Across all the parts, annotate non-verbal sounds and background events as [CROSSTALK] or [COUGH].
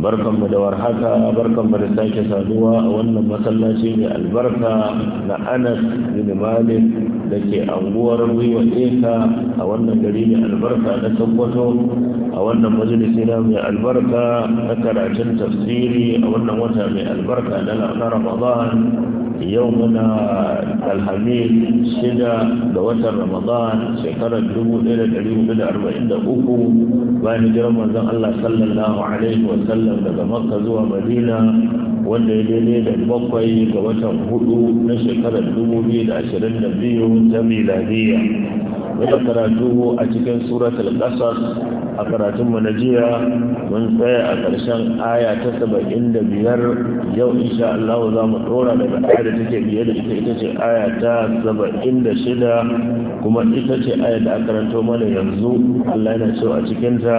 mu da warhaka mu da sake saduwa a wannan masallaci mai albarka na anas bin malik da ke anguwar gwiwa eka a wannan gari mai albarka na sokoto a wannan majalisi na mai albarka na karatun tafsiri a wannan wata mai albarka na ramadan yau muna alhamis shida ga watan ramadan shekarar 1443 bayan hijirar manzon Allah sallallahu alaihi wa sallam daga makka zuwa madina wanda ya daidai da bakwai ga watan hudu na shekarar 2022 ta miladiyya wata karatu a cikin suratul qasas a karatunmu na jiya mun tsaya a ƙarshen aya ta saba'in da biyar yau insha Allah za mu ɗora daga aya da take biye da ita ita ce aya ta saba'in da shida kuma ita ce aya da aka ranto mana yanzu Allah yana cewa a cikinta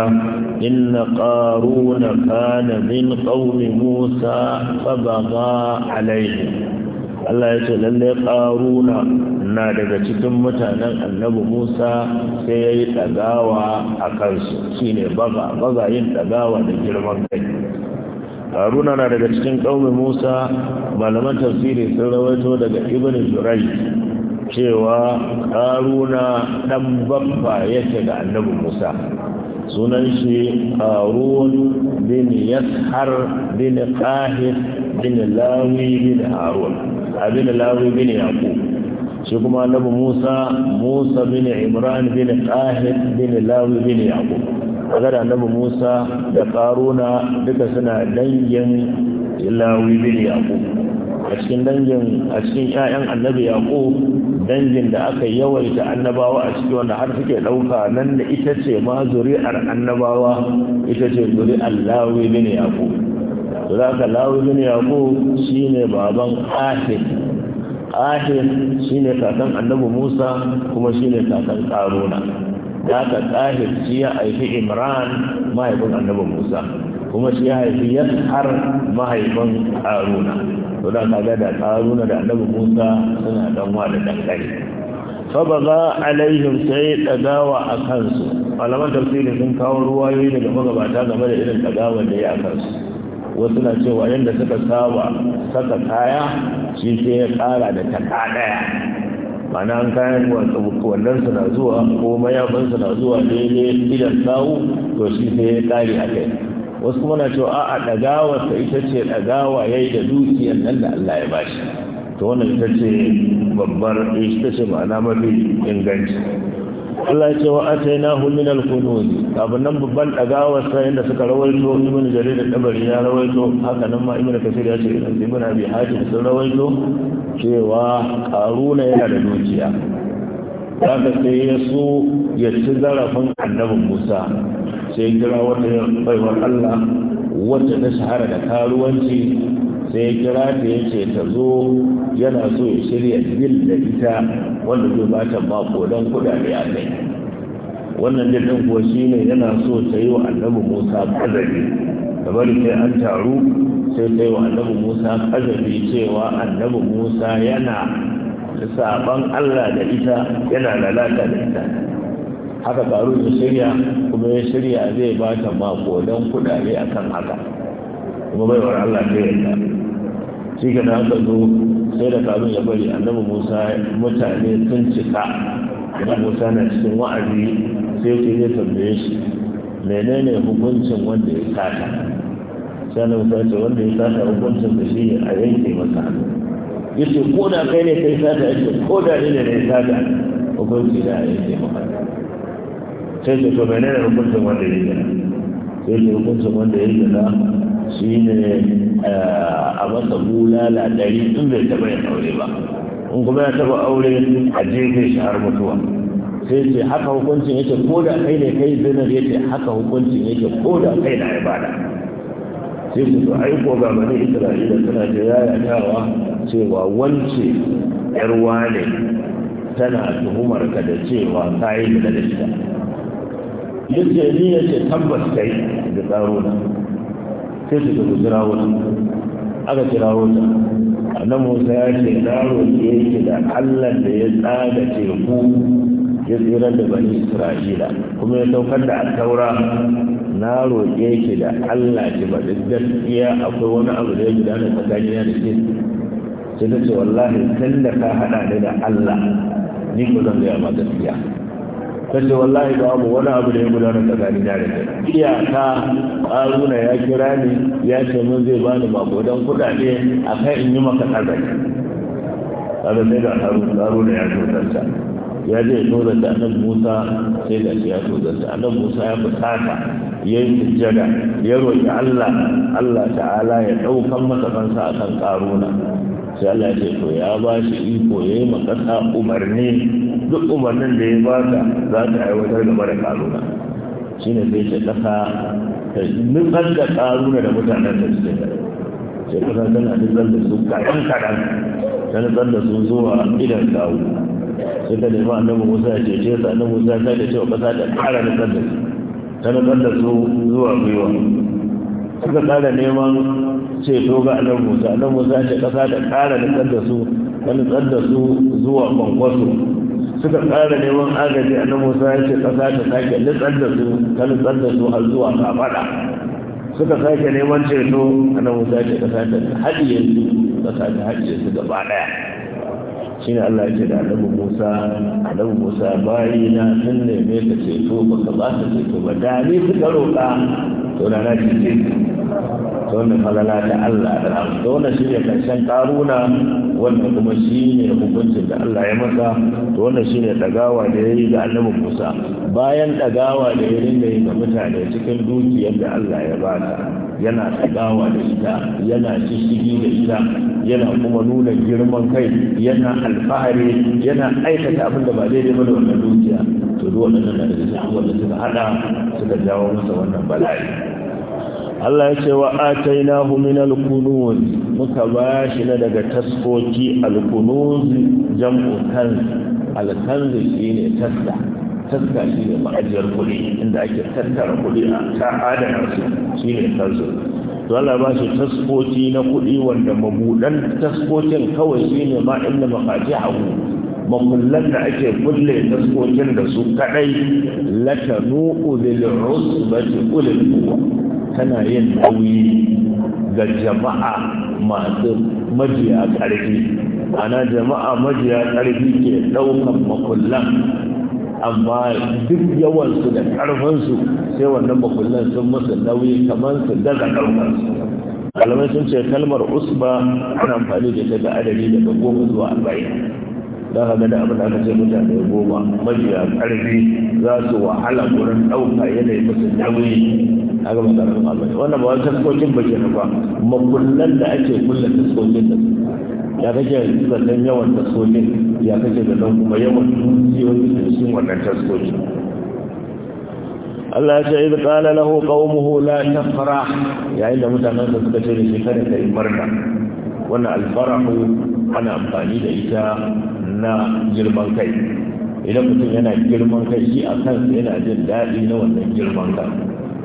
inna qaruna kana min qaumi Musa fa baga alaihi Allah ya ce lalle qaruna na daga cikin mutanen annabi musa sai ya yi ɗagawa a kansu shi ne baza baza yin ɗagawa da girman kai haruna na daga cikin ƙaumin musa malaman tafsiri sun rawaito daga ibn jurai cewa haruna ɗan babba yake da annabi musa sunan shi harun bin yashar bin qahir bin lawi bin harun abin lawi bin yaqub shi kuma annabi Musa Musa bin Imran bin Qahid bin Lawi bin Yaqub kaga annabi Musa da karuna duka suna dangin Lawi bin Yaqub a cikin dangin a cikin ƴaƴan annabi Yaqub dangin da aka yawaita annabawa a ciki wanda har suke dauka nan da ita ce ma zuri'ar annabawa ita ce zuri'ar Lawi bin Yaqub zaka Lawi bin Yaqub shine baban Qahid ahir shine kakan annabi musa kuma shine kakan karuna ya ka tahir shi ya aiki imran mahaifin annabi musa kuma shi ya haifi yashar mahaifin karuna to da kaga da karuna da annabi musa suna dan wa da dankali fabaga alaihim sai dagawa a kansu malaman tafsirin sun kawo yi daga magabata game da irin dagawar da ya a kansu wasu na cewa yadda suka saba saka kaya shi sai ya kara da taka daya mana an kayan wannan su na zuwa ko mayafansu na zuwa daidai idan sawu to shi sai ya kare a kai wasu kuma na cewa a'a ta ita ce ɗagawa ya yi da dukiyar nan da Allah ya bashi to wannan ita ce babbar ita ce ma'ana mafi inganci Allah ya ce wa atainahu min al-qunuz kafin nan babban dagawa sai inda suka rawaito ibn jarir da tabari ya rawaito haka nan ma ibn kasir ya ce ibn abi hatim sun rawaito cewa karuna yana da dukiya haka sai yasu so ya ci zarafin annabin Musa sai kira wata baiwar Allah wata na shahara da karuwanci sai ya kira ta ce ta zo yana so ya shirya bil da ita wanda zai ba ta makodan kudade a kai wannan jirgin kuwa ne yana so ta yi wa annabi musa kazari da bari sai an taru sai ta yi wa annabi musa kazari cewa annabi musa yana saban allah da ita yana lalata da ita haka karu ya shirya kuma ya shirya zai ba ta makodan kudade akan haka kuma baiwar allah ta yarda shi ga da haka zo sai da karun ya bari annabi musa mutane sun cika da musa na cikin wa'azi sai ke zai tambaye shi menene hukuncin wanda ya sata sai na musa ce wanda ya sata hukuncin da shi ne a yanke masa hannu yace ko da kai ne kai sata yace ko da ni ne kai sata hukunci da a yanke masa sai ce to menene hukuncin wanda ya gina sai ce hukuncin wanda ya gina shi ne Eh, a masa bulala ɗari in bai taɓa yin aure ba in kuma ya taɓa aure a jefe shi har mutuwa sai ce haka hukuncin yake ko da kai ne kai zinar ce haka hukuncin yake ko da kai na ibada sai su ai ko ga bani isra'ila suna ce yayatawa cewa wance yar wane tana tuhumar ka da cewa kayi da da shi duk da ni ce tabbas kai da tsaro na sai su tafi jira aka jira wuta annan musa ya ce na roƙe shi da allah da ya tsaga teku ya tsira da bani isra'ila kuma ya saukar da attaura na roƙe shi da allah ki ba duk gaskiya akwai wani abu da ya da tsakanina da ke sai ta ce wallahi tun da ka haɗa da allah ni ko zan gaya ma gaskiya lalle wallahi ba mu wani abu da ya gudana tsakanin da rage iyaka aruna ya kira ni ya ce mun zai bani magodan kuɗaɗe a kai in yi maka arzaki kaga sai da aruna ya zo zanta ya je ya tozar da annabi musa sai da ya zo zanta annabi musa ya fusata ya yi sujjada ya roƙi allah allah ta'ala ya ɗaukan masa kansa akan karuna sai allah ya ce to ya ba shi iko ya yi makasa umarni duk umarnin da ya ba ta za ta aiwatar gaba da ƙaruna. shi ne zai ce ƙasa ta nufar da karuna da mutanen da suke da sai ƙasa tana nufar da su kaɗan kaɗan ta nufar da su zuwa idan kawo sai ta nemi annabi musa ya cece sa annabi musa ta ce wa ƙasa ta ƙara nufar da su ta nufar da su zuwa gwiwa suka ƙara neman ceto ga annabi musa annabi musa ce ƙasa ta ƙara nutsar da su ta nutsar da su zuwa kwankwaso suka tsara neman agaji a musa ya ce ƙasa ta sake litsar da su ta litsar da su har zuwa kafaɗa suka sake neman ceto a musa ya ce ƙasa ta haɗiye su ƙasa ta haɗiye su gaba ɗaya shi ne allah ce da annabi musa annabi musa bayi na sun neme ka ceto ba ka ba ka ceto ba da ni suka roƙa suna na cikin ta falala ta Allah da ta wannan shi ne karshen karuna wannan kuma shi ne hukuncin da Allah ya masa to wannan shi ne dagawa da ya yi ga annabi Musa bayan dagawa da ya rinda yi ga mutane cikin dukiyar da Allah ya ta yana dagawa da ita yana shishigi da ita yana kuma nuna girman kai yana alfahari yana aikata abin da ba daidai ba da wannan dukiya to duk waɗannan na daga cikin wanda suka hada suka jawo masa wannan bala'i Allah ya ce wa atainahu min al-kunuz muka ba shi na daga taskoki al-kunuz jam'u kanz al-kanz shine taska taska shine ma'ajiyar kuɗi inda ake tattara kuɗi a ta adana su shine kanz to Allah ba shi taskoki na kuɗi wanda mabudan taskokin kawai shine ma inda maqati hagu makullan da ake kulle taskokin da su kadai latanu ulil usbati ulil quwwa tana yin nauyi ga jama'a masu majiya ƙarfi ana jama'a majiya ƙarfi ke ɗaukan makullan amma duk yawansu da ƙarfinsu sai wannan makullan sun musu nauyi kamar su daga ɗaukansu kalmar sun ce kalmar usba ana amfani da ta ga adadi daga goma zuwa arba'in za ka gada abin da aka ce mutane goma majiya ƙarfi za su wahala wurin ɗauka yanayi musu nauyi a ga maganar abin wannan ba wani taskokin ba ke ba makullan da ake kulle taskokin da ya kake sannan yawan taskokin ya kake da nan kuma yawan dukiyoyi da su wannan taskokin Allah ya ce idh qala lahu qaumuhu la tafrah yayin da mutanen da suka ce da shi kada ka yi murna wannan alfarahu ana amfani da ita na girman kai idan mutum yana girman kai shi a kansa yana jin daɗi na wannan girman kai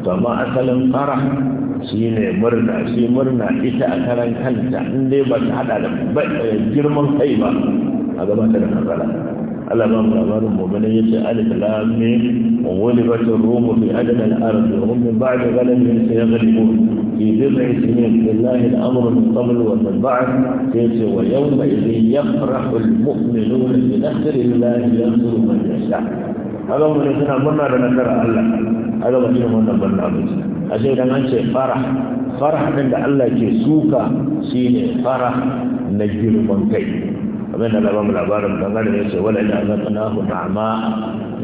to amma asalin fara shi ne murna shi murna ita a karan kanta in dai ba ta hada da eh, girman kai ba a gabatar da matsala alama muhammadu mubinin ya ce alif lami wani bacin romu bi adada al'arabi rumi ba da galibin sai ya zari ko ke zai zai su ne billahi da amurin musamman wanda ba a ce wa yau mai ya rahul mu'minu da ke nasiri lahi ya suru mai ya sha haka suna murna da nasara allah haka mun suna murna da nasara allah a an ce fara fara ɗin da allah ke suka shine fara na girman kai kamar da labarin labarin dangane ne ce wala ina zaka na hu ta'ama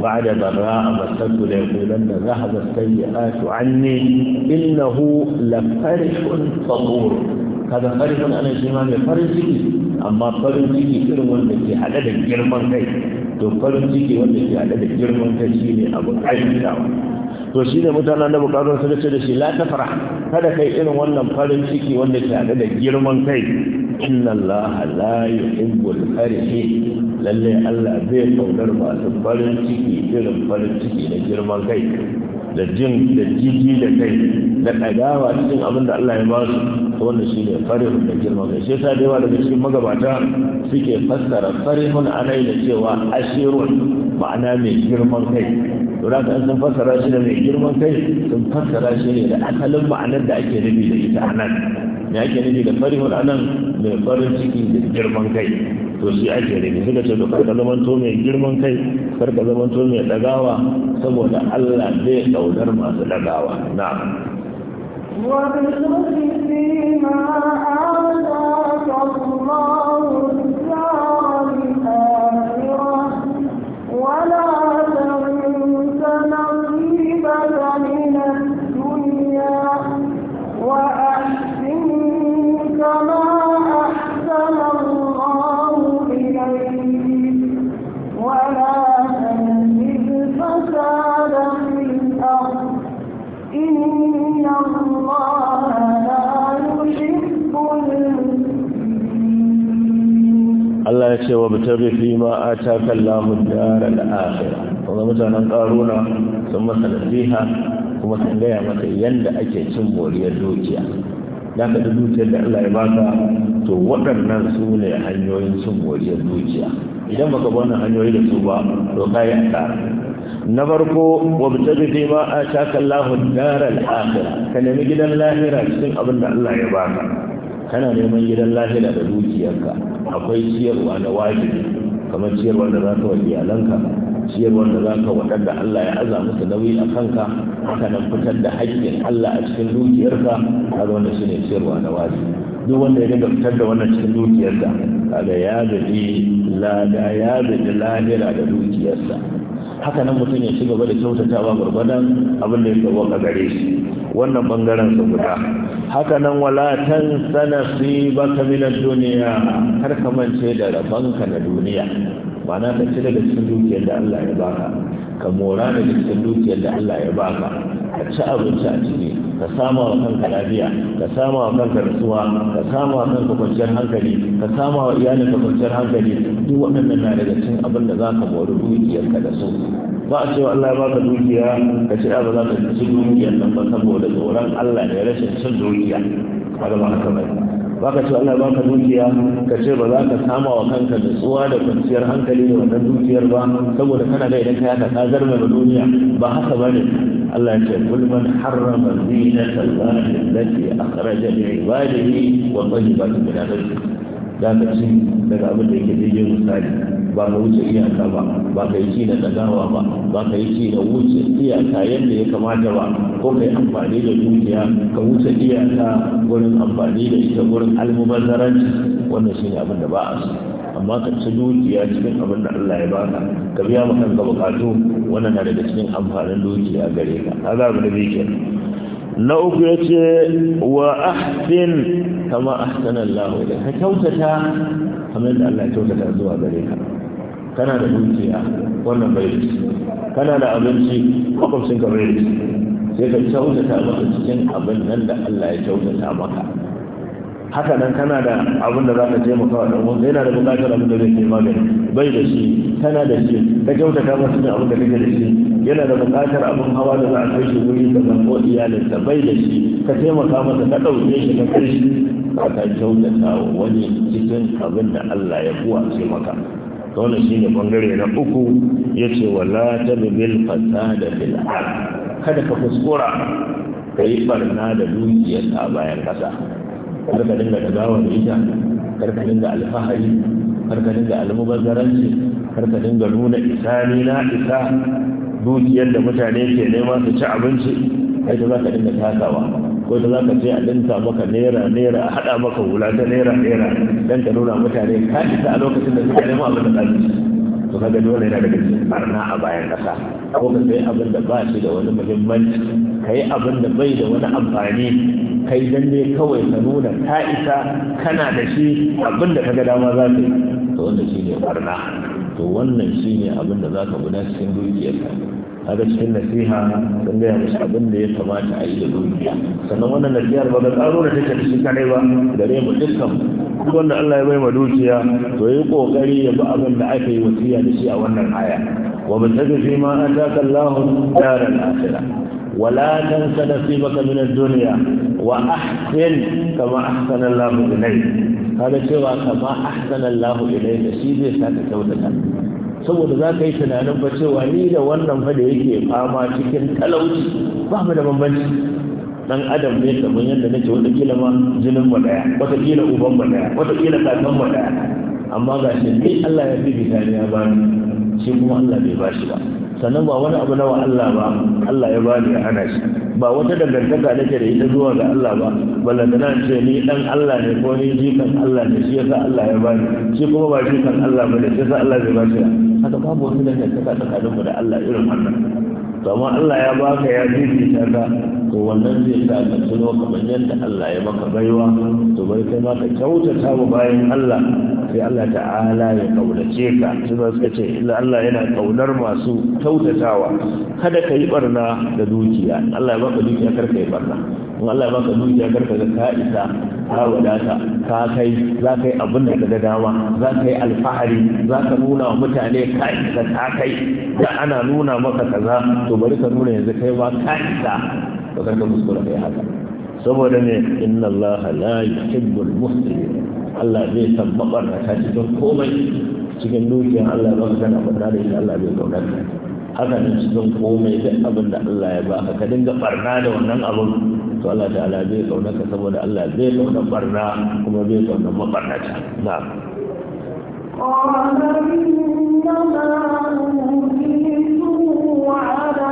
ba'da a masatu da ya yaqulan da zahaba sayyi'atu anni innahu la farihun fakhur kada farihun ana shi ma mai farin ciki amma farin ciki irin wanda ke hada da girman kai to farin ciki wanda ke hada da girman kai shine abin aikatawa to shi ne mutanen da bukatun suka ce da shi la ta fara kada kai irin wannan farin ciki wanda ke hada da girman kai inna Allah la yuhibbul farihin lalle Allah bai kaunar masu farin ciki irin farin ciki na girman kai da jin da jiji da kai da cikin abin da Allah ya ba su wanda shine farihun da girman kai sai yasa da yawa daga cikin magabata suke fassara farihun anai da cewa ashirun ma'ana mai girman kai to da ka sun fassara shi da mai girman kai sun fassara shi ne da asalin ma'anar da ake nufi da ita anan me ake nufi da farihun anan mai farin ciki da girman kai to shi ake da suka ce cewa karka zaman to mai girman kai karka zaman to mai dagawa saboda Allah zai daudar masu dagawa na Allah ya ce wa mutabi fi ma ataka Allahu dar al-akhirah kuma mutanen karuna sun masa nasiha kuma sun gaya masa yanda ake cin moriyar dukiya da ka dukiyar da Allah ya baka to waɗannan su ne hanyoyin cin moriyar dukiya idan baka bi wannan hanyoyi da su ba to kai asara na farko wa mutabi fi ma ataka Allahu dar al-akhirah ka nemi gidan lahira cikin abin da Allah ya baka kana neman gidan lahira da dukiyarka akwai ciyarwa da wajibi kamar ciyarwa da za ka wa iyalanka ciyarwa da za ka waɗanda Allah ya aza musu nauyi a kanka haka nan fitar da haƙƙin Allah a cikin dukiyarka kaga wannan shine ciyarwa da wajibi duk wanda ya dinga fitar da wannan cikin dukiyarsa kaga ya gaji lada ya gaji lahira da dukiyarsa haka nan mutum ya ci gaba da kyautata kyautatawa gurbadan abin da ya a gare shi wannan bangaren su guda haka nan wala tan sana fi baka min duniya har ka mance da ka na duniya ma'ana ka ci daga cikin dukiyar da Allah ya baka ka mora daga cikin dukiyar da Allah ya baka ka ci abinci a ciki ka sama wa kanka lafiya ka sama wa kanka rasuwa ka sama wa kanka kwanciyar hankali ka sama wa iyalinka kwanciyar hankali duk waɗannan na daga cikin abin da za ka mori ka da su ba a cewa Allah ya baka dukiya ka ce ah, ba za ka ci dukiyar nan ba saboda tsoron Allah ne rashin cin dukiya ba da ba ka ce Allah baka dukiya ka ce ba za ka kama wa kanka nutsuwa da kwanciyar hankali da wannan dukiyar ba saboda kana da idan ka yaka kazar duniya ba haka ba ne Allah ya ce kul man harrama zinata Allah allati akhraja li ibadihi wa tayyibatu min rizqi za ka ci daga abin da yake daidai misali ba ka wuce iyaka ba ba ka yi ci da ɗagawa ba ba ka yi ci da wuce iyaka yadda ya kamata ba ko ka yi amfani da dukiya ka wuce iyaka wurin amfani da ita wurin almubazzaranci wannan shi ne abin da ba a so amma ka ci dukiya cikin abin da Allah ya baka ka biya ma kanka bukatu wannan na daga cikin amfanin dukiya gare ka da bai na uku ya ce wa ahsin kama ahsanan lahu da ka kyautata kamar da Allah ya kyautata zuwa gare ka kana da dukiya wannan bai kana da abinci makwabcin ka bai sai ka kyautata maka cikin abin nan da Allah ya kyautata maka haka nan kana da abin da za ka taimaka wa ɗan wanda yana da buƙatar abin da zai ke magani bai da shi kana da shi ka kyautata masu cikin abin da kake da shi yana da buƙatar abin hawa da za a kai shi wuri da zango iyalinsa bai da shi ka taimaka masa ka ɗauke shi ka kai shi ka ta kyautata wani cikin abin da Allah ya buwa sai maka wannan shine bangare na uku yace wala tabil fasada fil ard kada ka kuskura ka yi barna da dukiyar bayan ƙasa karka dinga dagawa da ita karka dinga alfahari karka dinga almubazzaranci karka dinga nuna isa na isa dukiyar da mutane ke nema su ci abinci kai da za ka dinga takawa, ko da za ka ce a dinka maka naira naira a haɗa maka hula ta naira naira dan ka nuna mutane ka isa a lokacin da suka nema abin da ka to kaga dole yana daga cikin barna a bayan kasa, ko ka sai abin da ba shi da wani muhimmanci ka yi abin da bai da wani amfani kai dan ne kawai ka nuna ka isa kana da shi abin da kaga dama za ka yi to wanda shi ne barna to wannan ne abin da zaka guda cikin dukiyarka kaga cikin nasiha sun gaya musu abin da ya kamata a yi da dukiya sannan wannan nasihar ba ga tsaro da take da shi ba gare mu dukkan duk wanda Allah ya bai ma dukiya to yi kokari ya bi abin da aka yi wasiya da shi a wannan aya wa bi tsaga fi ma ataka Allahu daral akhirah ولا تنس نصيبك من الدنيا وأحسن كما أحسن الله إليك هذا cewa kama ahsana Allah ilayka shi zai sa kyautata saboda za ka yi tunanin ba cewa ni da wannan fa da yake fama cikin talauci ba mu da bambanci dan adam ne kamar yadda nake wata kila ma jinin mu daya wata kila uban mu daya wata kila kakan mu daya amma ga shi Allah ya fi bisani ya bani shi kuma Allah bai bashi ba sannan ba wani abu nawa Allah ba Allah ya bani ya hana shi ba wata dangantaka nake da ita zuwa ga Allah ba balla da nan ce ni dan Allah ne ko ni jikan Allah ne shi yasa Allah ya bani shi kuma ba jikan Allah bane shi yasa Allah bai bashi haka babu wani dangantaka tsakanin mu da Allah irin wannan to amma Allah ya baka ya fifita ka to wannan zai sa ka tuno kamar yadda Allah ya maka baiwa to bai kai ma ka kyautata wa bayan Allah sai Allah ta'ala ya kaunace ka su ba suka ce illa Allah yana kaunar masu kyautatawa kada ka yi barna da dukiya Allah ya baka dukiya kar ka yi barna in Allah ya baka dukiya kar ka ga ka isa ka wadata ka kai za ka yi abin da ka da dama za ka yi alfahari za ka nuna wa mutane ka isa ka kai da ana nuna maka kaza to bari ka nuna yanzu kai ma ka isa to kar ka kai haka saboda ne inna Allah la yuhibbul muhsinin Allah zai san ta cikin komai cikin dukiyar Allah ba kana barna da ita Allah zai kaunar ka haka ne cikin komai duk abin da Allah ya ba ka dinga barna da wannan abin to Allah ta'ala zai kaunar ka saboda Allah zai kaunar barna kuma zai kaunar mabarnata na'am قال إنما أوتيته على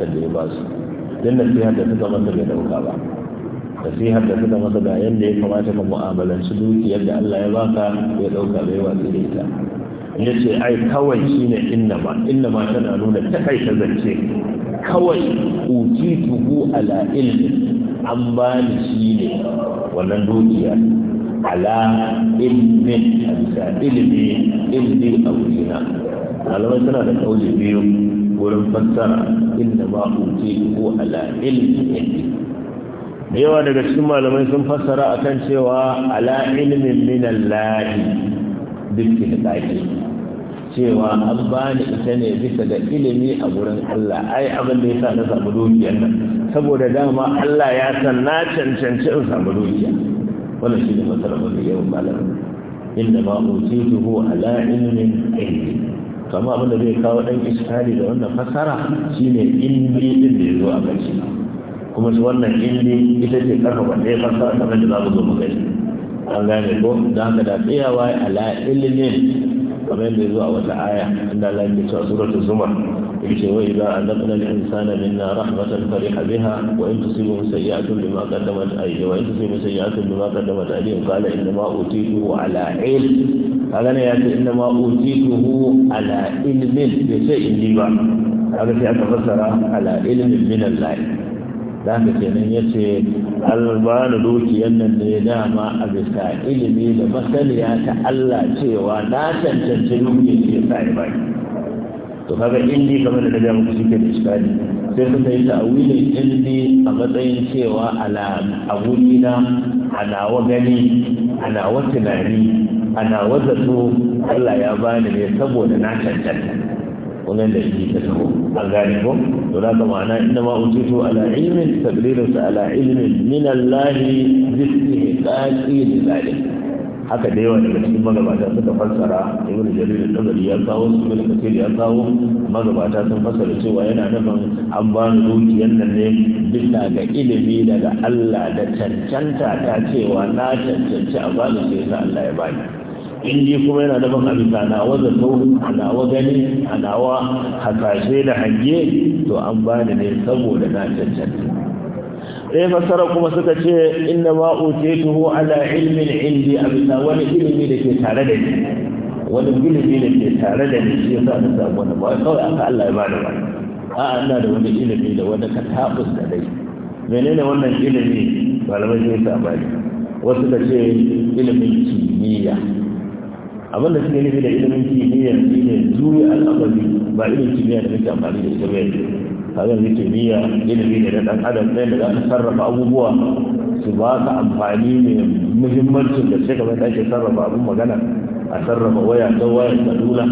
amsa da ya ba su din nasihar da suka masa bai dauka ba nasihar da suka masa ga yadda ya kamata ka su dukiyar da Allah ya baka ya dauka bai watsi da ita ya ce ai kawai shine innama innama tana nuna takaita zance kawai tuhu ala ilmi an bani shine wannan dukiya ala ilmin a bisa ilimi ilmi a wurina malamai suna da kauli biyu wurin fassara inda ba uti ko ala ilmi da yawa daga cikin malamai sun fassara akan cewa ala ilmin min Allah dukkan daki cewa an bani ita ne bisa da ilimi a gurin Allah ai abin da yasa na samu dukiyar nan saboda dama Allah ya san na cancanci in samu dukiya wannan shi ne matsalar da yawan malamai inda ba utitu ala ilmin ilmi kama abin da zai kawo ɗan iskali da wannan fasara shine inbi din da zo a karshe kuma su wannan inbi ita ce karfafa ɗaya fasara kamar da za mu zo mu gani an gane ko da haka da tsayawa ala ilimin kamar yadda a wata aya inda Allah ya ce a suratu zumar yace wa a anqana lil insana minna rahmatan fariha biha wa in mu tusibu sayi'atun bima qaddamat aydi wa in mu tusibu sayi'atun bima qaddamat aydi qala inna ma utitu ala ilm kaga ne ya ce inda ma utituhu ala ilmin bai sai in ba kaga sai aka fassara ala ilmin min Allah ka haka kenan ya ce albana dukiyar da ne dama a bisa ilimi da masaniya ta Allah cewa na cancanci dukiyar ce sa ba to kaga indi kamar da daga muku suke da iskali sai ta yi ta'awilin indi a matsayin cewa ala abudina ala wa gani ala wa tunani ana wata su Allah ya bani ne saboda na cancanta wannan da shi ta taho an gane ko to na ga ma'ana inda ma utitu ala ilmin tabliru sa ala ilmin min Allah bistiqaqi lidalik haka da yawa daga cikin magabata suka fassara ibn jarir al-tabari ya kawo su ibn ya kawo magabata sun fassara cewa yana nufin an ba ni dukiyar nan ne bisa ga ilimi daga Allah da cancanta ta cewa na cancanci a bani sai Allah ya bani in kuma yana dafa abinda a bisa nawa zato a nawa gani a nawa hasashe da hange to an bani ne saboda na cancanta sai fasara kuma suka ce inna ma utituhu ala ilmin indi abinda wani ilimi da ke tare da ni wani ilimi da ke tare da ni shi yasa na samu wani ba kawai aka Allah ya bada ba a ina da wani ilimi da wani ka tabus da dai menene wannan ilimi malamai sai ta bani wasu ka ce ilimin kimiyya abin da suke nufi da ilimin kimiyyar shi ne juya al'amari ba ilimin kimiyya da suke amfani da ita ba yanzu kaga yi kimiyya ilimi ne na ɗan adam ɗaya da za ka sarrafa abubuwa su ba ka amfani mai muhimmancin da sai kamar ake sarrafa abin magana a sarrafa waya ta waya ta dula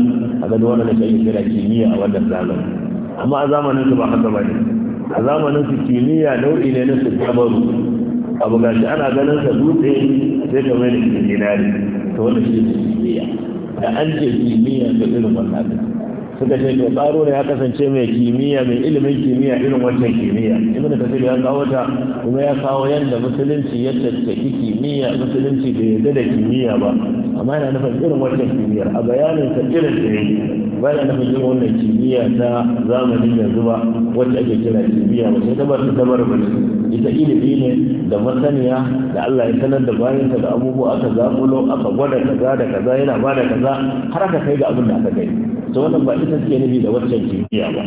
a ga wannan da kai kira kimiyya a wannan zamani amma a zamanin su ba haka ba ne a zamanin su kimiyya nau'i ne na su gabaru abu gashi ana ganin sa dutse sai kamar da zinari ta wani shi ne kimiyya da an ce kimiyya da irin wannan da suka ce to tsaro ne ya kasance mai kimiyya mai ilimin kimiyya irin wancan kimiyya ibnu kasir ya kawo ta kuma ya kawo yadda musulunci ya tattaki kimiyya musulunci bai yarda da kimiyya ba amma yana nufin irin wancan kimiyya a bayanin sa irin da yake ba da nufin yin wannan kimiyya ta zamanin yanzu ba wacce ake kira kimiyya ba sai ta bar ta bar ita ilimi ne da masaniya da Allah ya sanar da bayansa da abubuwa aka zamulo aka gwada kaza da kaza yana ba da kaza har aka kai ga abin da aka kai to wannan ba ita suke nufi da waccan kimiyya ba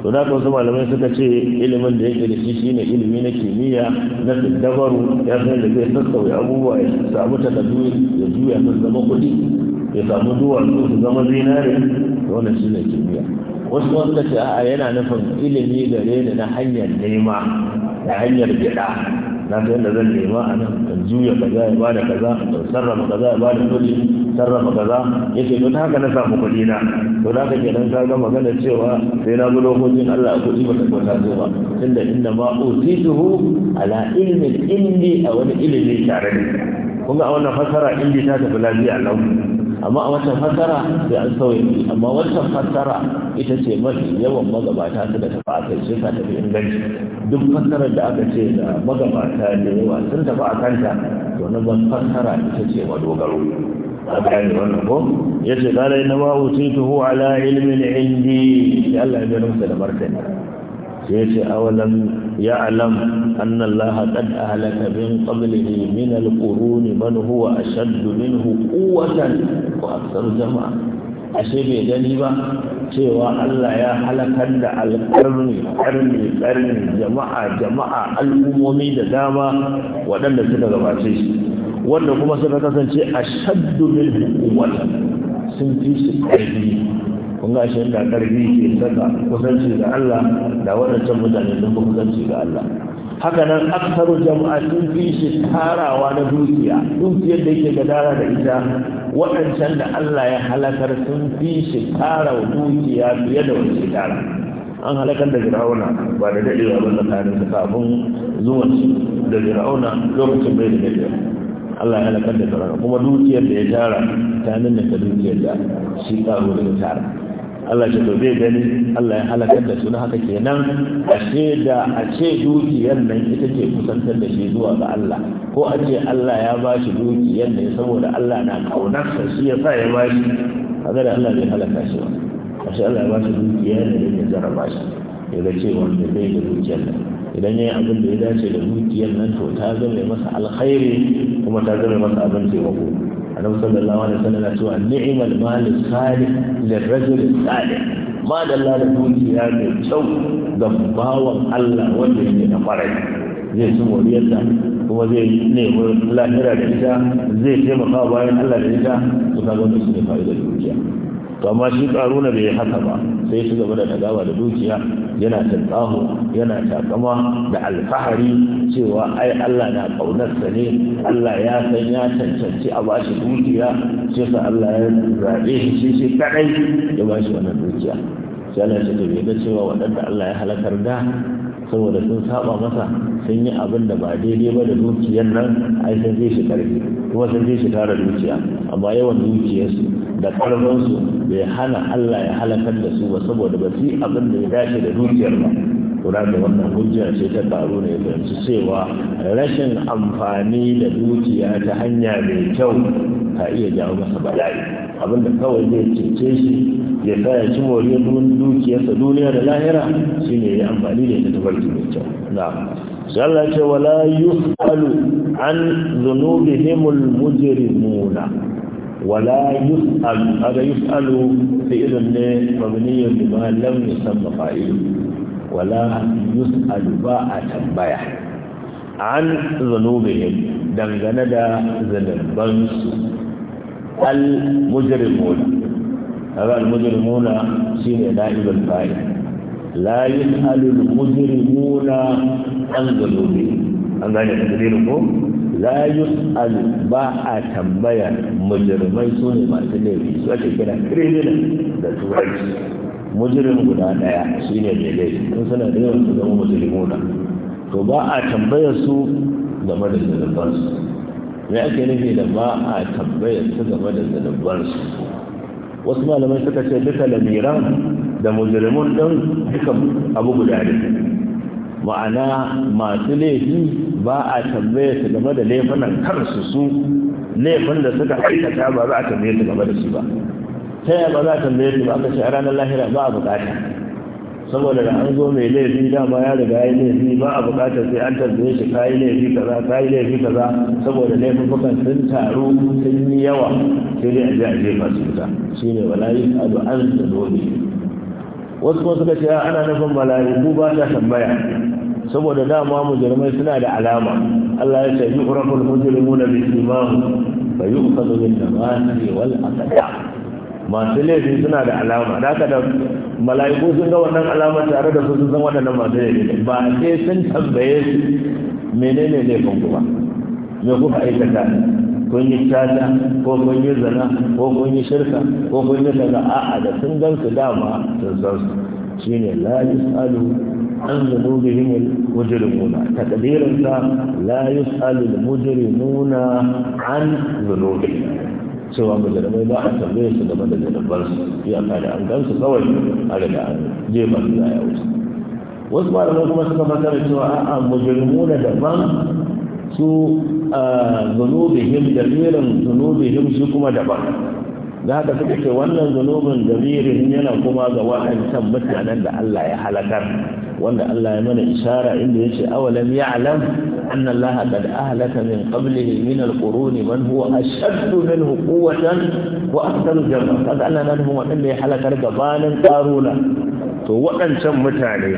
to da wasu malamai suka ce ilimin da yake da shi shine ilimi na kimiyya na dabaru ya san da zai sassauya abubuwa ya samu takardu ya juya su zama kuɗi ya samu duwatsu su zama zinare wannan shine kimiyya wasu wanda ce a'a yana nufin ilimi gare ni na hanyar nema da hanyar gida na ta yadda zan nema a nan kan juya kaza ya bada kaza in sarrafa kaza ya bada kuɗi sarrafa kaza ya ce to ta haka na samu kuɗi na to da haka kenan ka ga magana cewa sai na bi lokacin Allah a kuɗi bata kwata zo ba tunda inda ma utituhu ala ilmin indi a wani ilimi tare da kun a wannan fasara indi ta tafi lafiya lau amma a wata fassara sai an sauya ne amma wata fassara ita ce mafi yawan magabata su da tafi kai sai ka tafi inganci duk fassarar da aka ce da magabata da yawa sun tafi a kanta to na ban fassara ita ce wa dogaro a wannan ko ya ce kala ina ma utitu ala ilmin indi Allah ya bi rumsa da martani yace awalam ya'lam anna allaha qad ahlaka min qablihi min alquruni man huwa ashadd minhu quwwatan wa akthar jama'a ashe bai gani ba cewa Allah ya halakar da alƙarni ƙarni ƙarni jama'a jama'a al'ummomi da dama waɗanda suka gabace shi wanda kuma suka kasance ashaddu min quwwatan sun fi shi ƙarfi kun ga shi da karfi ke saka kusanci ga Allah da waɗancan mutane sun fi kusanci ga Allah haka nan aksaru jama'a sun fi shi tarawa na dukiya dukiyar da yake gadara da ita waɗancan da Allah ya halakar sun fi shi tara dukiya fiye da wani tara an halakar da fir'auna ba da dadewa ba tsakanin kafin zuwan da fir'auna lokacin bai da dadewa Allah ya halakar da sarara kuma dukiyar da ya tara ta nan da dukiyar da shi karo da ya tara Allah shi to zai gani Allah ya halakar da suna haka kenan ashe da a ce dukiyar nan ita ce kusantar da shi zuwa ga Allah ko a ce Allah ya ba shi dukiyar saboda Allah na kaunarsa shi ya sa ya ba shi kaga da Allah bai halaka shi a ce Allah ya ba shi dukiyar ne ya jarraba shi ya ga cewa wanda bai da dukiyar nan idan ya yi abin da ya dace da dukiyar nan to ta zama masa alkhairi kuma ta zama masa abin taimako annabi sallallahu alaihi wasallam ya cewa ni'mal malu salih lirajul salih ma da Allah da dukiya mai kyau ga bawan Allah wanda yake da farai zai ci moriyarta kuma zai nemi lahira da ita zai taimaka bayan Allah da ita su kaga su ne fa'idar dukiya to amma shi karuna bai haka ba sai shi gaba da tagawa da dukiya yana tantahu yana takama da alfahari cewa ai Allah na kaunarsa ne Allah ya san ya cancanci a bashi dukiya sai sa Allah ya zabe shi shi shi ya bashi wannan dukiya sai Allah ya ce bai ga cewa waɗanda Allah ya halakar da saboda sun saba masa sun yi abin da ba daidai ba da dukiyar nan ai sun shi karfi kuma sun je shi tara dukiya amma yawan dukiyarsu da karfinsu bai hana Allah ya halakar da su ba saboda ba su abin da ya dace da dukiyar ba kura da wannan hujja ce ta karu ne fahimci cewa rashin amfani da dukiya ta hanya mai kyau ka iya jawo masa bala'i abinda kawai zai cece shi ya sa ya ci moriyar dukiyarsa duniya da lahira shi ne ya amfani da ita tafarki mai kyau na Allah ce wala yus'alu an himul dhunubihimul mujrimuna wala yus'alu aga yus'alu fi idan ne mabniyyun bima lam yusamma fa'il wala yus'alu ba a tambaya an dhunubihim dangane da zanabansu al mujrimuna kaga al-mujrimuna shine da'ibul fa'il la yus'alu mujrimuna an dhunubi an gane tafsirin ko la yus'al ba a tambaya mujrimai su ne masu laifi su ake kira criminal da turanci mujrim guda daya shine mai laifi in suna da yawan su zama mujrimuna to ba a tambaya su game da zanubansu me ake nufi da ba a tambaya su game da zanubansu wasu malamai suka ce duka lamiran da mujrimun din duka abu guda ne ma'ana masu laifi ba a tambaye su game da laifinan kansu su laifin da suka aikata ba za a tambaye su game da su ba ta yaya ba za a tambaye su ba aka ce a ranar lahira ba a bukata saboda da an zo mai laifi dama ya riga ya laifi ba a bukatar sai an tarbiye shi kayi laifi kaza kayi laifi kaza saboda laifukan sun taru sun yi yawa sai dai a je a jefa su ta shine wala yus'alu an dole wasu kuma suka ce ana nufin ku ba ta tambaya saboda dama mujrimai suna da alama Allah ya ce yu'raful mujrimuna bi simahum fa yu'khadhu bin nawasi wal aqdam masu laifi suna da alama da aka da mala'iku sun ga wannan alama tare da sun san waɗannan masu laifi ba sai sun tambaye su menene laifin ku ba me kuka aikata kun yi tata ko kun yi zana ko kun yi shirka ko kun yi daga a'a da sun gan su dama sun san su Shi ne la yusalu an da zunubihim al-mujrimuna takdirin sa la da mujirin nuna an zunubihim cewa majalmai ba a tambaye su game da su ya ka da an gansu kawai a riga an jefa su ya wuce wasu malamai kuma suka da cewa a'a mujrimuna daban su ah, zunubihim da irin zunubihim shi kuma daban da haka suka ce wannan zunubin zamirin yana kuma ga waɗancan mutanen da Allah ya halakar wanda Allah ya mana ishara inda ya ce awalam ya'lam anna Allah qad ahlaka min qablihi min al-quruni man huwa ashaddu minhu quwwatan wa aktharu jam'a kaga Allah na nufin waɗanda ya halakar gabanin karuna to waɗancan mutane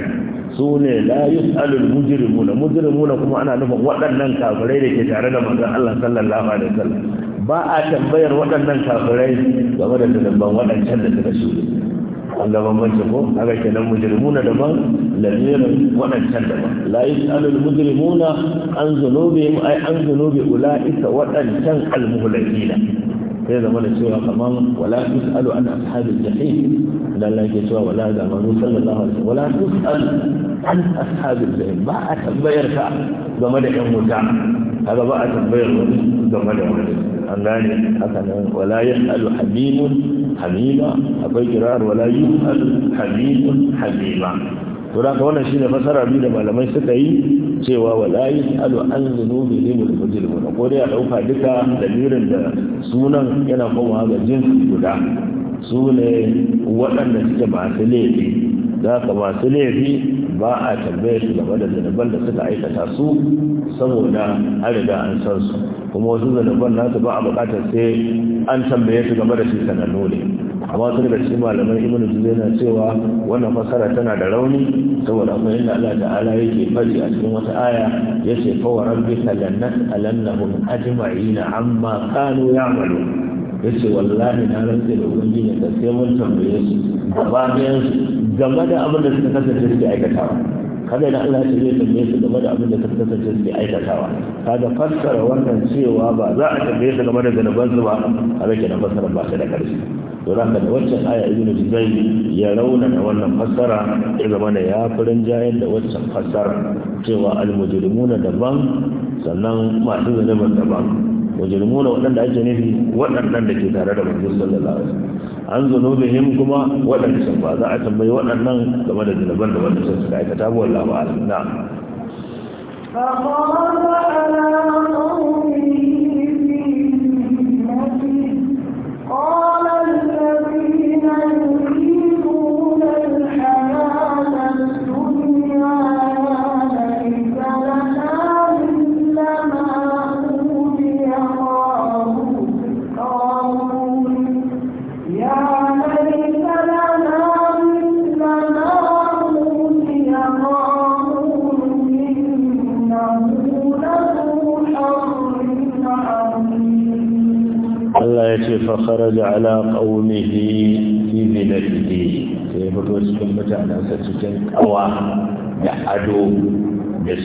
su ne la yus'alul mujrimuna mujrimuna kuma ana nufin waɗannan kafirai da ke tare da manzon Allah sallallahu alaihi wasallam ba a tambayar waɗannan kafirai game da zunuban waɗancan da suka shuɗe an ga bambanci ko haka kenan mujrimuna daban lamirin waɗancan daban la yas'alul mujrimuna an zunubihim ay an zunubi ulaika waɗancan almuhlakina sai zama da cewa kamar wala tus'alu an ashabil jahim dan la ke cewa wala zama da manzo na alaihi wala tus'al an ashabil jahim ba a tambayar ka game da yan wuta kaga ba a tambayar wani game da wani an gane haka nan wala yas'alu hamimun hamima akwai kirar wala yus'alu hamimun hamima to da wannan shine fasara biyu da malamai suka yi cewa wala yus'alu an dhunubihim al-mujrimun ko dai a dauka duka lamirin da sunan yana komawa ga jinsi guda su ne waɗanda suke masu laifi da ka masu laifi ba a tambaye su game da zanuban da suka aikata su saboda an riga an san su kuma wasu zanuban nasu ba a bukatar sai an tambaye su game da shi sanannu ne amma wasu daga cikin malaman ibnu juzai na cewa wannan fasara tana da rauni saboda kuma inda Allah ta'ala yake faɗi a cikin wata aya yace fa wa rabbika lanas'alannahum ajma'ina amma kanu yace wallahi na rantsa da ubangiji da sai mun tambaye su gaba ɗayan su game da abin da suka kasance suke aikatawa kada na Allah ya zai tambaye su game da abin da suka kasance suke aikatawa kada fassara wannan cewa ba za a tambaye su game da zanaban su ba a rake na fassara ba sai da karshe to za ka da waccan aya ibn juzai ya raunana wannan fassara ya zama da ya fi jayen da waccan fassara cewa al-mujrimuna daban sannan masu zanuban daban mujrimuna waɗanda ake nufi waɗannan da ke tare da manzo sallallahu alaihi wasallam an zunubihim kuma waɗanda sun ba za a tambayi waɗannan game da zunuban da wanda suka aikata ba wallahi ba'ala na'am فقال على قومه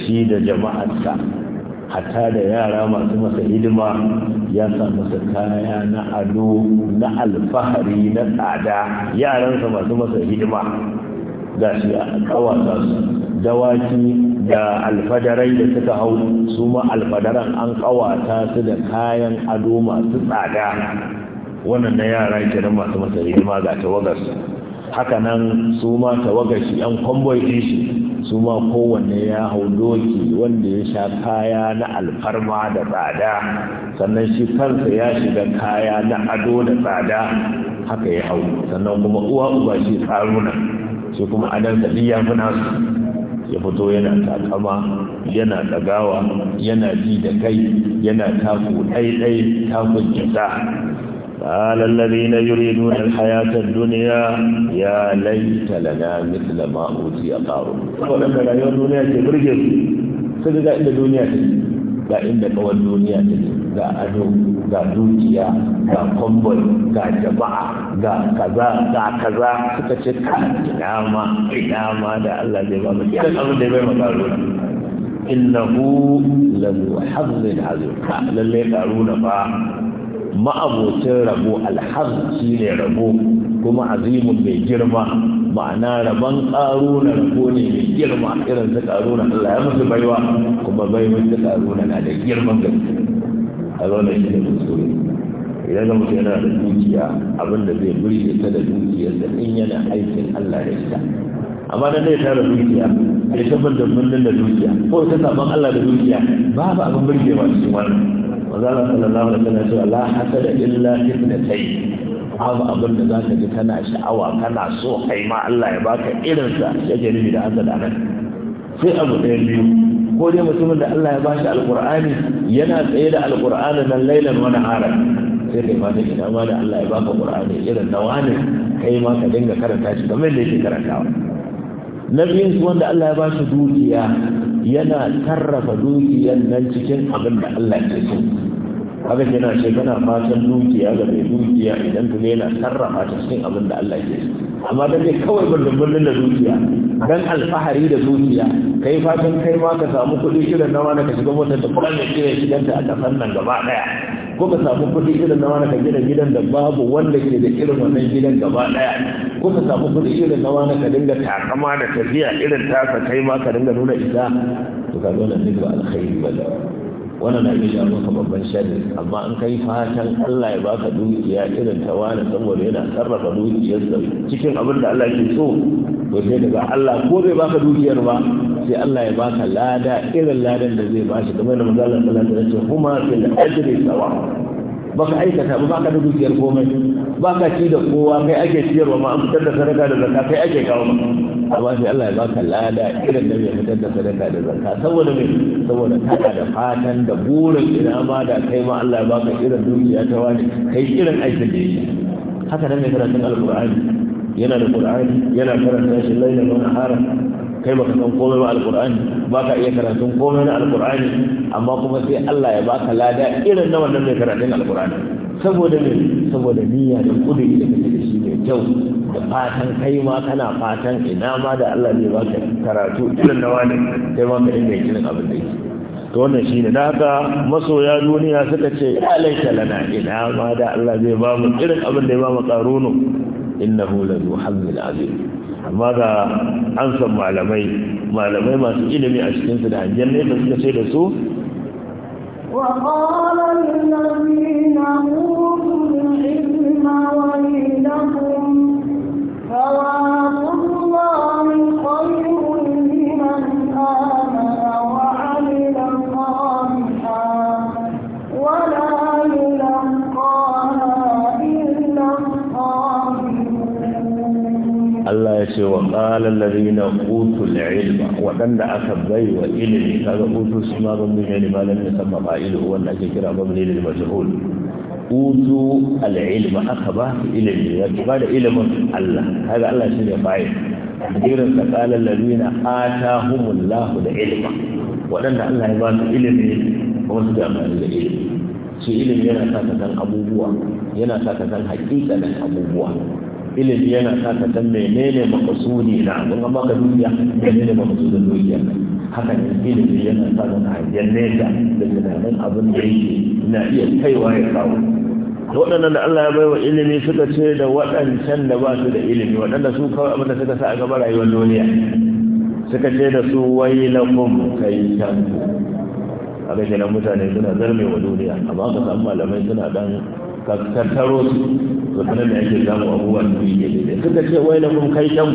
shi da jama'arsa hata da yara masu masa hidima ya sa masa kaya na ado na alfahari na tsada yaransa masu masa hidima ga shi a su dawaki da alfadarai da suka hau su ma alfadaran an kawata su da kayan ado masu tsada wannan na yara kenan masu masa hidima ga tawagarsa haka nan su ma tawagar shi an kwamboyi shi su ma kowanne ya hau doki wanda ya sha kaya na alfarma da tsada sannan shi kansa ya shiga kaya na ado da tsada haka ya hau sannan kuma uwa uba shi tsaruna shi kuma adan sadi ya su ya fito yana takama yana dagawa yana ji da kai yana taku ɗaiɗai takun kisa قال الذين يريدون الحياة الدنيا يا ليت لنا مثل ما أوتي قارون ولما لا يرى الدنيا تبرجل فلذا إن الدنيا لا إنك هو الدنيا لا أنو لا دنيا لا قنبل لا جماعة لا كذا لا كذا كتشتك إنما إنما لا الله جبابة إذا كانوا جبابة قارون إنه لذو حظ عظيم لا للي قارون فا ma'abocin rabo alhaz shi ne rabo kuma azimun mai girma ma'ana rabon ƙaro na rabo ne mai girma irin su ƙaro na Allah ya musu baiwa kuma baiwar su ƙaro na na da girman gaske a zaunar shi ne kuskure idan ga mutum yana da dukiya abinda zai burge ta da da in yana aikin Allah da ita amma dan zai tara dukiya ya tabbatar da bindin da dukiya ko ta saban Allah da dukiya babu abin burgewa cikin wannan mazala sallallahu alaihi wasallam cewa la hasada illa ibnatay babu abin da zaka ji kana sha'awa kana so kai ma Allah ya baka irin sa yake nufi da hasada nan sai abu ɗaya biyu ko dai mutumin da Allah ya bashi alqur'ani yana tsaye da alqur'ani nan lailan wa naharan sai kai ma take da da Allah ya baka qur'ani irin na wani kai ma ka dinga karanta shi kamar da yake karantawa na biyu wanda Allah ya bashi dukiya yana tarrafa dukiyar nan cikin abin da Allah ke so haka yana ce kana fatan dukiya ga mai dukiya idan yana sarrafa ta cikin abin da Allah ke so amma dan dai kawai bullun da dukiya dan alfahari da dukiya kai fatan kai ma ka samu kuɗi shirin nawa na ka shiga motar da kuma ne shirin shiganta a kasan nan gaba ɗaya. ko ka samu kuɗi irin na wani ka gina gidan da babu wanda ke da irin wannan gidan gaba ɗaya ko ka samu kuɗi irin na wani ka dinga takama da tafiya irin tasa kai ma ka dinga nuna ita to ka zo na duk alkhairi ba da wannan na iya jawo maka babban shari amma an kai fatan Allah ya baka dukiya irin ta wani saboda yana sarrafa dukiyarsa cikin abin da Allah ke so to sai daga Allah ko bai baka dukiyar ba sai Allah ya baka lada irin ladan da zai bashi kamar da manzo Allah sallallahu alaihi kuma fil ajri sawa baka aikata ba baka da dukiyar komai baka ci da kowa kai ake ciyarwa ma an fitar da sadaka da zakka kai ake kawo maka amma sai Allah ya baka lada irin da mai fitar da sadaka da zakka saboda me saboda kana da fatan da burin ina ma da kai ma Allah ya baka irin dukiya ta wani kai irin aikin da yake haka nan mai karatun alqur'ani yana da qur'ani yana karanta shi lailan wa nahara kai baka san komai ba alqur'ani baka iya karatun komai na alqur'ani amma kuma sai Allah ya baka lada irin na wannan mai karatun alqur'ani saboda ne saboda niyya da kudin da kake da shi mai kyau da fatan kai ma kana fatan ina ma da Allah zai baka karatu irin na wani kai ma ka mai yin abin da yake to wannan shine da haka masoya duniya suka ce ya laita lana ina ma da Allah zai ba mu irin abin da ya ba mu karuno innahu la zu hazzil azim amma ga an san malamai malamai masu ilimi a cikin su da hangen ne suka ce da su وقال الذين أوتوا العلم ويلكم ثواب ya ce wa ilma waɗanda aka bai wa ilimi kaga utu su ma ban bin ilma lam yusamma fa'iluhu wanda ake kira mabni lil majhul utu aka ba ilimi ya ba da ilimin Allah kaga Allah shi ne fa'il jirin ka qala alladhina atahumullahu da ilima waɗanda Allah ya ba su ilimi kuma su da amfani da ilimi shi ilimi yana sa ka san abubuwa yana sa ka san hakikanin abubuwa ilimi yana sa ka san menene makasudi na abin amma ka dukiya menene makasudin dukiya haka ne ilimi yana sa ka hanyar nesa da tunanin abin da yake na iya kaiwa ya kawo waɗannan da Allah ya bai wa ilimi suka ce da waɗancan da ba su da ilimi waɗanda su kawai abin da suka sa a gaba rayuwar duniya suka ce da su Wai wailakum kai tanku Aka ce kenan mutane suna zarme wa duniya amma ka san malamai suna dan tattaro su to sanar da ake samu abubuwa da yake da suka ce wai na kun kai can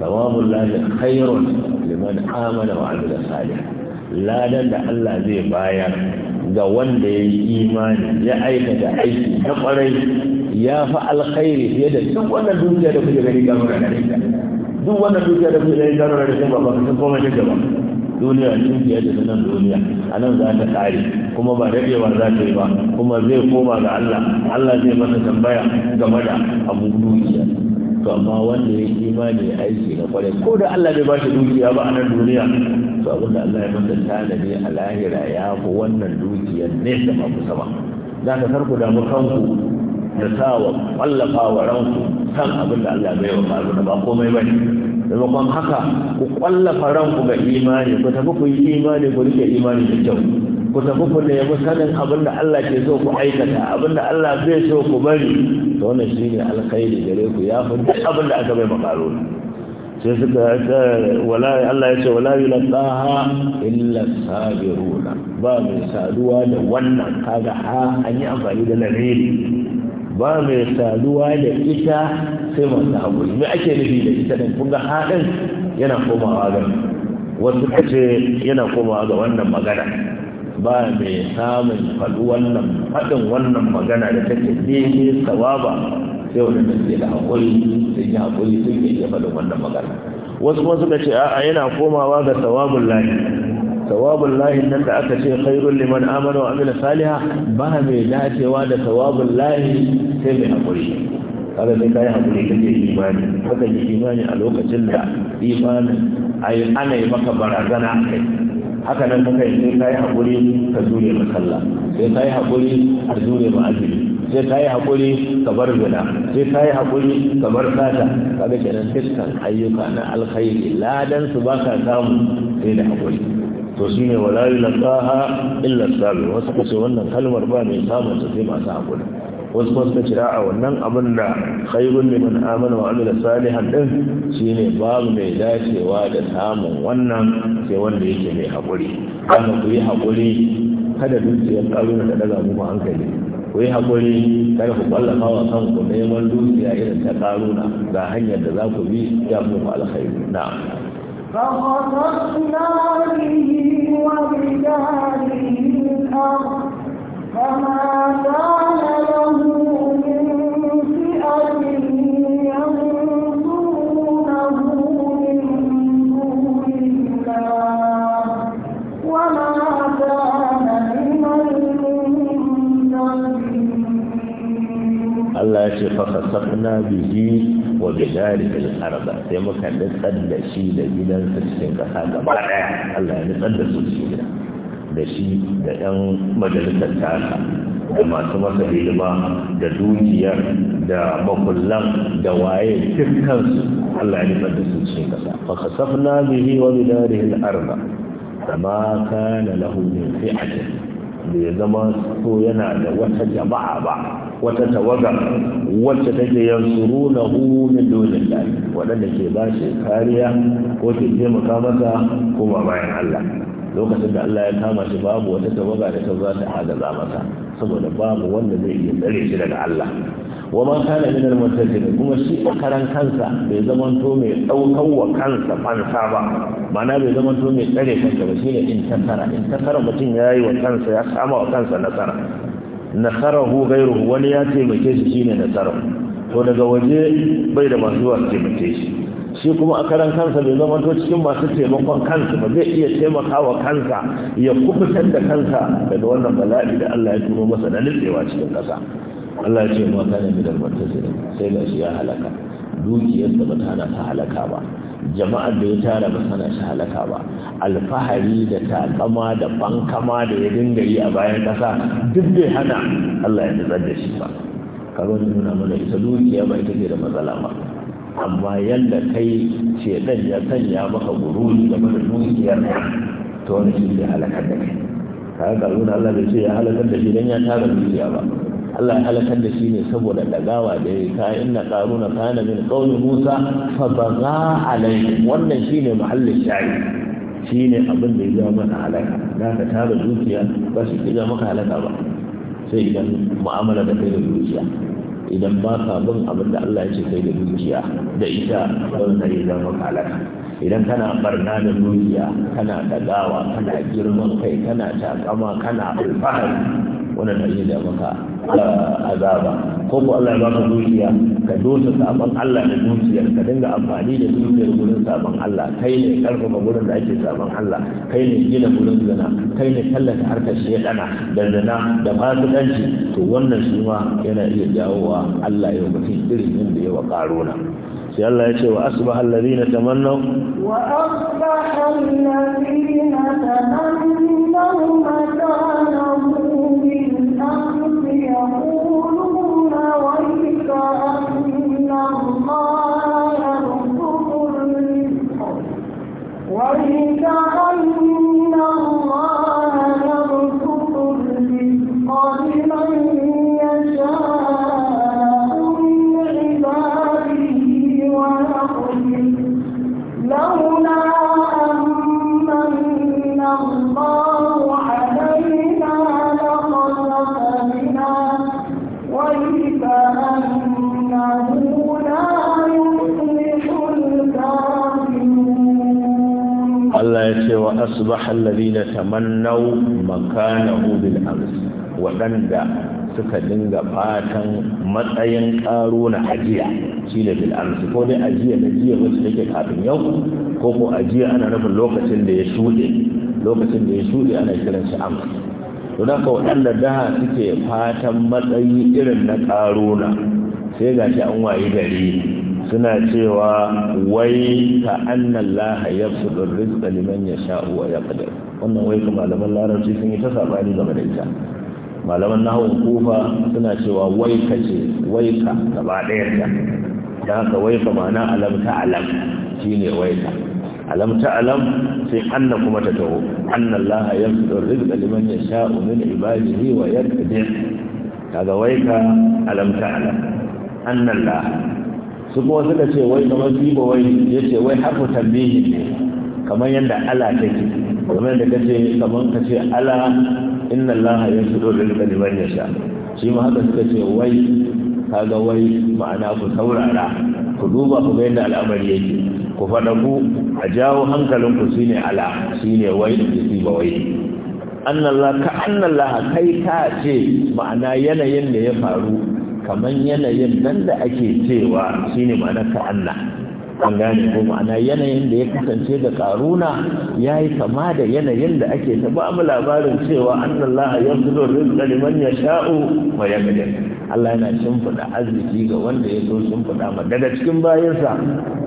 sawabun lahi khairun liman amana wa amila salih ladan da Allah zai bayar ga wanda ya yi imani ya aikata aiki na kwarai ya fa alkhairi fiye da duk wannan dukiya da kuke gani gano da duk wannan dukiya da kuke gani gano da ba ba ka san komai da ba duniya dukiyar ke da nan duniya a nan za ta kare kuma ba daɗewa za ta yi ba kuma zai koma ga Allah Allah zai masa tambaya game da abun dukiya to amma wanda ya imani ya aiki na kwarai ko da Allah bai ba shi dukiya ba a nan duniya to abin da Allah ya masa ne a lahira ya fi wannan dukiyar nesa ba kusa sama za ka sarku damu kanku da sawa wallafa wa ranku san abin da Allah bai wa ba komai ba ne Da makon haka ku kwallafa ranku ga imani ku tafi ku yi imani ku rike imani da kyau ku tafi ku nemi sanin abin da Allah ke so ku aikata abin da Allah zai so ku bari to wannan shine alkhairi gare ku ya fi duk abin da aka bai makaro sai suka wala Allah ya ce wala yulqaha illa sabiruna ba mai saduwa da wannan kaga ha an yi amfani da lamiri ba mai saduwa da ita sai masu haƙuri me ake nufi da ita ɗin kun ga haɗin yana komawa ga wasu kace yana komawa ga wannan magana ba mai samun faɗi wannan faɗin wannan magana da take daidai sawaba sai wani wanda suke da haƙuri sun yi haƙuri sun iya faɗin wannan magana wasu kuma suka ce a'a yana komawa ga sawabun lahi sawabun lahin nan da aka ce khairun liman amana wa amila saliha ba mai dacewa da sawabun lahi sai mai haƙuri kada sai kayi haƙuri kake imani haka yi imani a lokacin da a yi ana yi maka barazana a kai haka nan kaka yi sai kayi haƙuri ka zure ma sallah sai kayi haƙuri ka zure ma azumi sai kayi haƙuri ka bar zina sai kayi haƙuri ka bar sata kaga kenan dukkan ayyuka na alkhairi ladan su ba ka samu sai da haƙuri to shi ne wala ilaha illa sabi wasu kusa wannan kalmar ba mai samun sai masu haƙuri wasu masu suka a wannan abin da khairun liman amana wa amila salihan din shine babu mai dacewa da samun wannan sai wanda yake mai haƙuri kana ku yi haƙuri kada dukiyar ƙaruna da daga muku hankali ku yi haƙuri kada ku ƙwallafa wa kanku neman dukiya irin ta ƙaruna ga hanyar da za ku bi ya muku alkhairi na'am فخسفنا به وبداره fasafna bihi wa bidari bil arda sai muka nutsar da shi da gidansa cikin kasa gaba daya Allah ya nutsar da su cikin gida da shi da 'yan majalisar taka, da masu masa hidima da dukiyar da makullan da waye dukkan Allah ya nufa da sun cikin kasa fa kasafna bihi wa bidarihi al-arba kama kana lahu min fi'atin bai zama so yana da wata jama'a ba wata tawaga wacce take yansuru na min dunin lahi waɗanda ke ba shi kariya ko ke taimaka masa kuma bayan Allah lokacin da Allah ya kama shi babu wata tawaga da ta za ta agaza masa saboda babu wanda zai iya tsare shi daga Allah wa ma kana min al kuma shi karan kansa bai zamanto mai daukar wa kansa fansa ba mana bai zamanto mai tsare kansa ba shine in takara, in takara mutum yayi wa kansa ya kama wa kansa nasara nasarahu ghayruhu wani ya taimake shi shine nasara to daga waje bai da masu taimake shi shi kuma a karan kansa bai zama to cikin masu taimakon kansa ba zai iya taimakawa kansa ya kubutar da kansa daga wannan bala'i da Allah ya turo masa da nutsewa cikin ƙasa Allah ya ce mu kana ne da muttasil sai da shi ya halaka dukiyar da bata da ta halaka ba jama'ar da ya tara ba sana shi halaka ba alfahari da takama da bankama da ya dinga yi a bayan ƙasa duk bai hana Allah ya nutsar da shi ba kaga nuna mana ita dukiya ba ita ce da matsala ba amma yadda kai ce dan ya sanya maka gururi da mana dukiyar ta wani shi ne halakar da kai kaga galibin Allah bai ce ya halakar da shi dan ya tara dukiya ba Allah ya halakar da shi ne saboda dagawa da ya ka inna qaruna kana min qawli Musa fa baga alaihi wannan shine muhallin shayi shi ne abin da ya zama maka halaka za ka tara dukiya ba shi ya maka halaka ba sai idan mu'amala da kai da dukiya idan ba ka bin abin da Allah ya ce kai da dukiya da ita don yi zama halaka idan kana barna da dukiya kana dagawa kana girman kai kana takama kana alfahari wannan na iya da maka ah, azaba ko ko Allah ya baka dukiya ka dosa sabon Allah da dukiyar ka dinga amfani da dukiyar gurin sabon Allah kai ne karfafa gurin da ake sabon Allah kai ne gina gurin zina kai ne tallata harkar ɗana, da zina da fasikanci to wannan shi ma yana iya jawowa Allah ya mutum irin yadda ya wa karona sai Allah ya ce wa asbaha alladhina tamannaw wa asbaha alladhina tamannaw matana الله يرزقكم رزقا وإن asbaha alladhina tamannaw makanahu bil ams waɗanda suka dinga fatan matsayin ƙaro na ajiya shi ne bil ams ko dai ajiya da jiya wacce take kafin yau ko ko ajiya ana nufin lokacin da ya shuɗe lokacin da ya shuɗe ana kiran shi ams to waɗanda da suke fatan matsayi irin na ƙaruna na sai gashi an wayi gari suna cewa wai ka annan laha ya fudun rizka liman ya sha'u a ya kadar wannan wai ka malaman larabci sun yi ta saɓani game da ita malaman nahawar kufa suna cewa wai ka ce wai ka gaba ɗaya ta da haka wai ka ma'ana alam ta alam shi ne wai ka alam ta alam sai anna kuma ta taho annan laha ya fudun rizka liman ya sha'u min ibadihi wa ya kadar kaga wai ka alam ta alam annan laha su kuma suka ce wai kamar biba wai ya ce wai harfu tambihi ne kamar yadda ala take kamar yadda kace kamar kace ala inna allaha yasudu lil liman yasha shi ma haka suka ce wai kaga wai ma'ana ku saurara ku duba ku ga yadda al'amari yake ku faɗa ku a jawo hankalinku ku ne ala shine wai da biba wai annallah ka annallah kai ka ce ma'ana yanayin da ya faru kamar yanayin nan da ake cewa shine ma'anar ka'anna an gane ko ma'ana yanayin da ya kasance da karuna ya yi kama da yanayin da ake ta ba mu labarin cewa annallaha ya fito rizqa liman yasha'u wa yaqdir Allah yana shimfiɗa arziki ga wanda ya so shimfiɗa ma daga cikin bayansa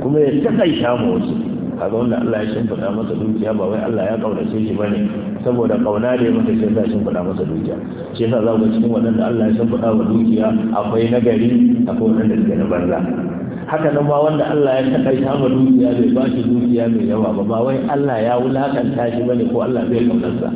kuma ya taƙaita mu wasu kaga wanda Allah ya shimfiɗa masa dukiya ba wai Allah ya kaunace shi bane saboda kauna da ya mata shi ya shimfiɗa masa dukiya shi yasa za ku cikin waɗanda Allah ya shimfiɗa wa dukiya akwai nagari akwai waɗanda suke na banza haka nan ma wanda Allah ya takaita ma dukiya bai ba shi dukiya mai yawa ba ba wai Allah ya wulakanta shi bane ko Allah bai kaunarsa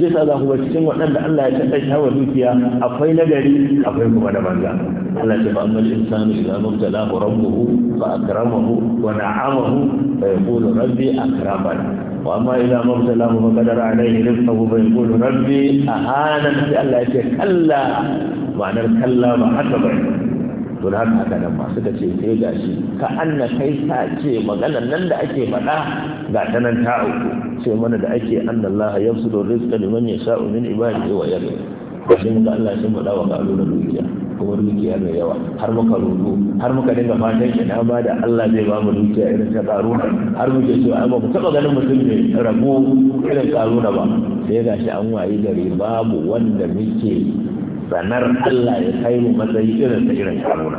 shi yasa za ku cikin waɗanda Allah ya takaita wa dukiya akwai nagari akwai kuma na banza Allah ce fa amma insanu idza mubtalahu rabbuhu fa akramahu wa na'amahu fa yaqulu rabbi akraman wa amma idza mubtalahu fa qadara alayhi rizqahu fa yaqulu rabbi ahana sai Allah ce kalla ma'anar kalla ba haka ba to da haka haka nan masu da ce sai ga shi ka anna kai sa ce maganar nan da ake faɗa ga ta nan ta uku Sai mana da ake anna Allah ya fusu da rizqa liman yasha'u min ibadihi wa yarda shin ga Allah sun faɗa wa kalu na dukiya kuma dukiya mai yawa har muka rudu har muka dinga fatan ina na ba da Allah zai ba mu dukiya irin ta karuna har muke so ai ba mu taɓa ganin mutum ne rabo irin karuna ba sai ga shi an wayi gari babu wanda muke sanar Allah ya kai mu matsayi irin ta irin karuna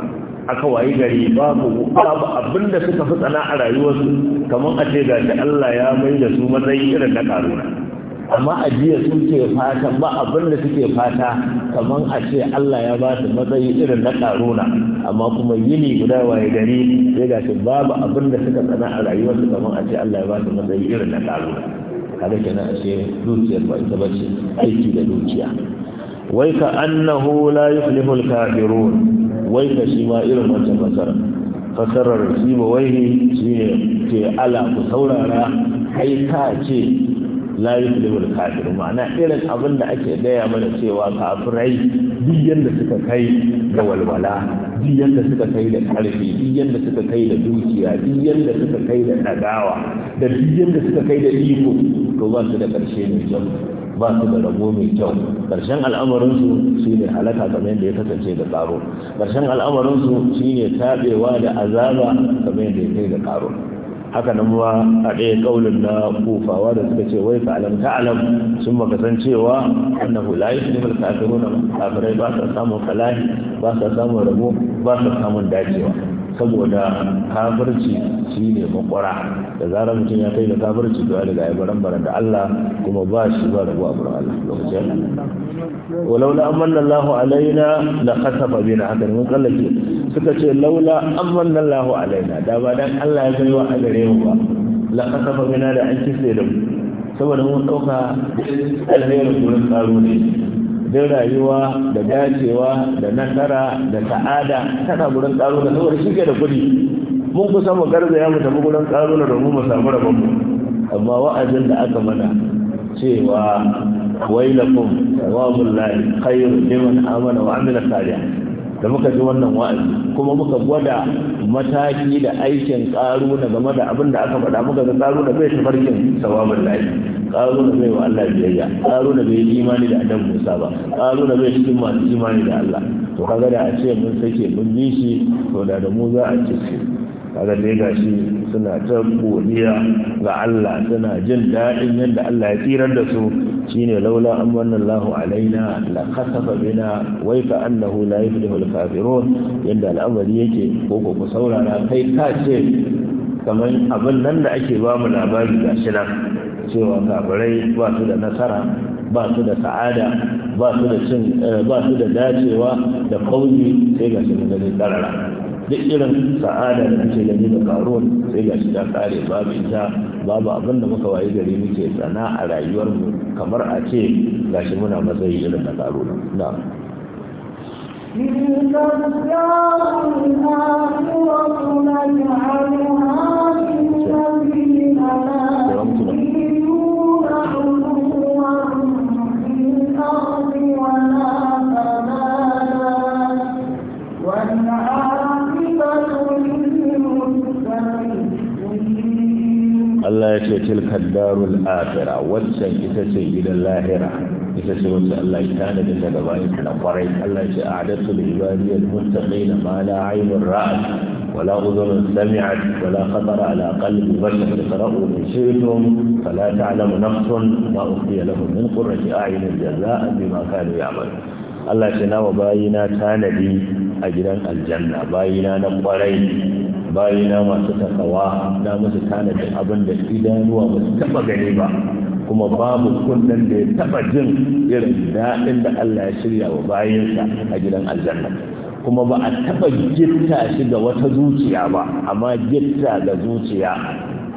aka wayi gari babu babu abinda suka fi tsana a rayuwarsu kamar a ce ga Allah ya mai da su matsayi irin na karuna amma ajiya suke fata ba abin da suke fata kamar a ce Allah ya ba su matsayi irin na karuna amma kuma yini guda waye gari sai ga shi babu abin da suka tsana a rayuwarsu kamar a ce Allah ya ba su matsayi irin na karuna kada kenan a ce dukiyar ba ita bace aiki da dukiya wai ka annahu la yuflihul kafirun wai ka shi ma irin wancan fasara fasarar shi ba wai shi ne ke ala ku saurara kai ka ce la yuflihul kafir ma'ana irin abin da ake gaya mana cewa kafirai duk yanda suka kai da walwala duk yanda suka kai da karfi duk yanda suka kai da dukiya duk yanda suka kai da dagawa da duk yanda suka kai da iko to ba su da karshe mai kyau ba su da rabo mai kyau karshen al'amarinsu shine halaka kamar yadda ya kasance da tsaro karshen al'amarinsu shine tabewa da azaba kamar yadda ya kai da karo haka nan ma a ɗaya ƙaunin na kufawa da suka ce wai ta'alam ta'alam sun baka san cewa annahu la yuslimul kafiruna kafirai ba sa samun falahi ba sa samun rabo ba sa samun dacewa saboda kafirci shi ne makwara da zarar mutum ya kai da kafirci to ya riga ya baran baran da Allah kuma ba shi ba rabu a buran Allah lokacin walau la amanna Allah alaina la khasafa bina haka mun tsallake suka ce laula amanna Allah alaina da ba dan Allah ya kai wa a gare mu ba la khasafa bina da an kisse da mu saboda mun dauka alherin gurin tsaro ne din rayuwa da dacewa da nasara da ta'ada tana gurin da saboda shi ke da kuɗi mun kusa mu garzaya mu tafi gurin da domin mu samu rabon mu amma wa'azin da aka mana cewa wailakum sawabul lahi khairu liman amana wa amila salihan da muka ji wannan wa'azi kuma muka gwada mataki da aikin na game da abin da aka faɗa muka ga karu da bai tafarkin sawabin lahi na bai wa Allah biyayya karu na bai yi imani da adam Musa ba na bai cikin masu imani da Allah to kaga da a ce mun sake mun bi shi to da da mu za a ci shi kaga dai gashi suna ta ga Allah suna jin daɗin yadda Allah ya tsirar da su shine laula an manna Allahu alaina la khasafa bina wa fa annahu la yuflihu al-kafirun yanda al'amari yake ko ko ku saurara kai ka ce kamar abin nan da ake ba mu labari ga shi nan cewa kafirai ba su da nasara ba su da sa'ada ba su da cin eh, ba su da dacewa da kauyi sai ga shi mun karara duk irin sa'ada da ake gani da karuwa sai ga shi ta kare babu ita babu abin da muka wayi gari muke tsana a rayuwar mu kamar a ce gashi muna matsayi irin na karo na Allah ya ce tilka darul akhirah wancan ita ce gidan lahira ita ce wacce Allah ya tana da daga bayan kwarai Allah ya ce a'adatu lil ibadi al muttaqin ma la aynun ra'at wa la udhun sami'at wa la khatara ala qalbi bashar yaqra'u min shaytum fala ta'lamu nafsun ma ukhfiya lahum min qurrati a'yunin jazaa'an bima kanu ya'malun Allah ya ce na wa bayina tanadi a gidan aljanna bayina na kwarai bayina masu takawa na musu tanadin abin da idanuwa ba su taba gani ba kuma babu kunnen da ya taba jin irin daɗin da Allah ya shirya wa bayinsa a gidan aljanna kuma ba a taba gitta shi wata zuciya ba amma gitta ga zuciya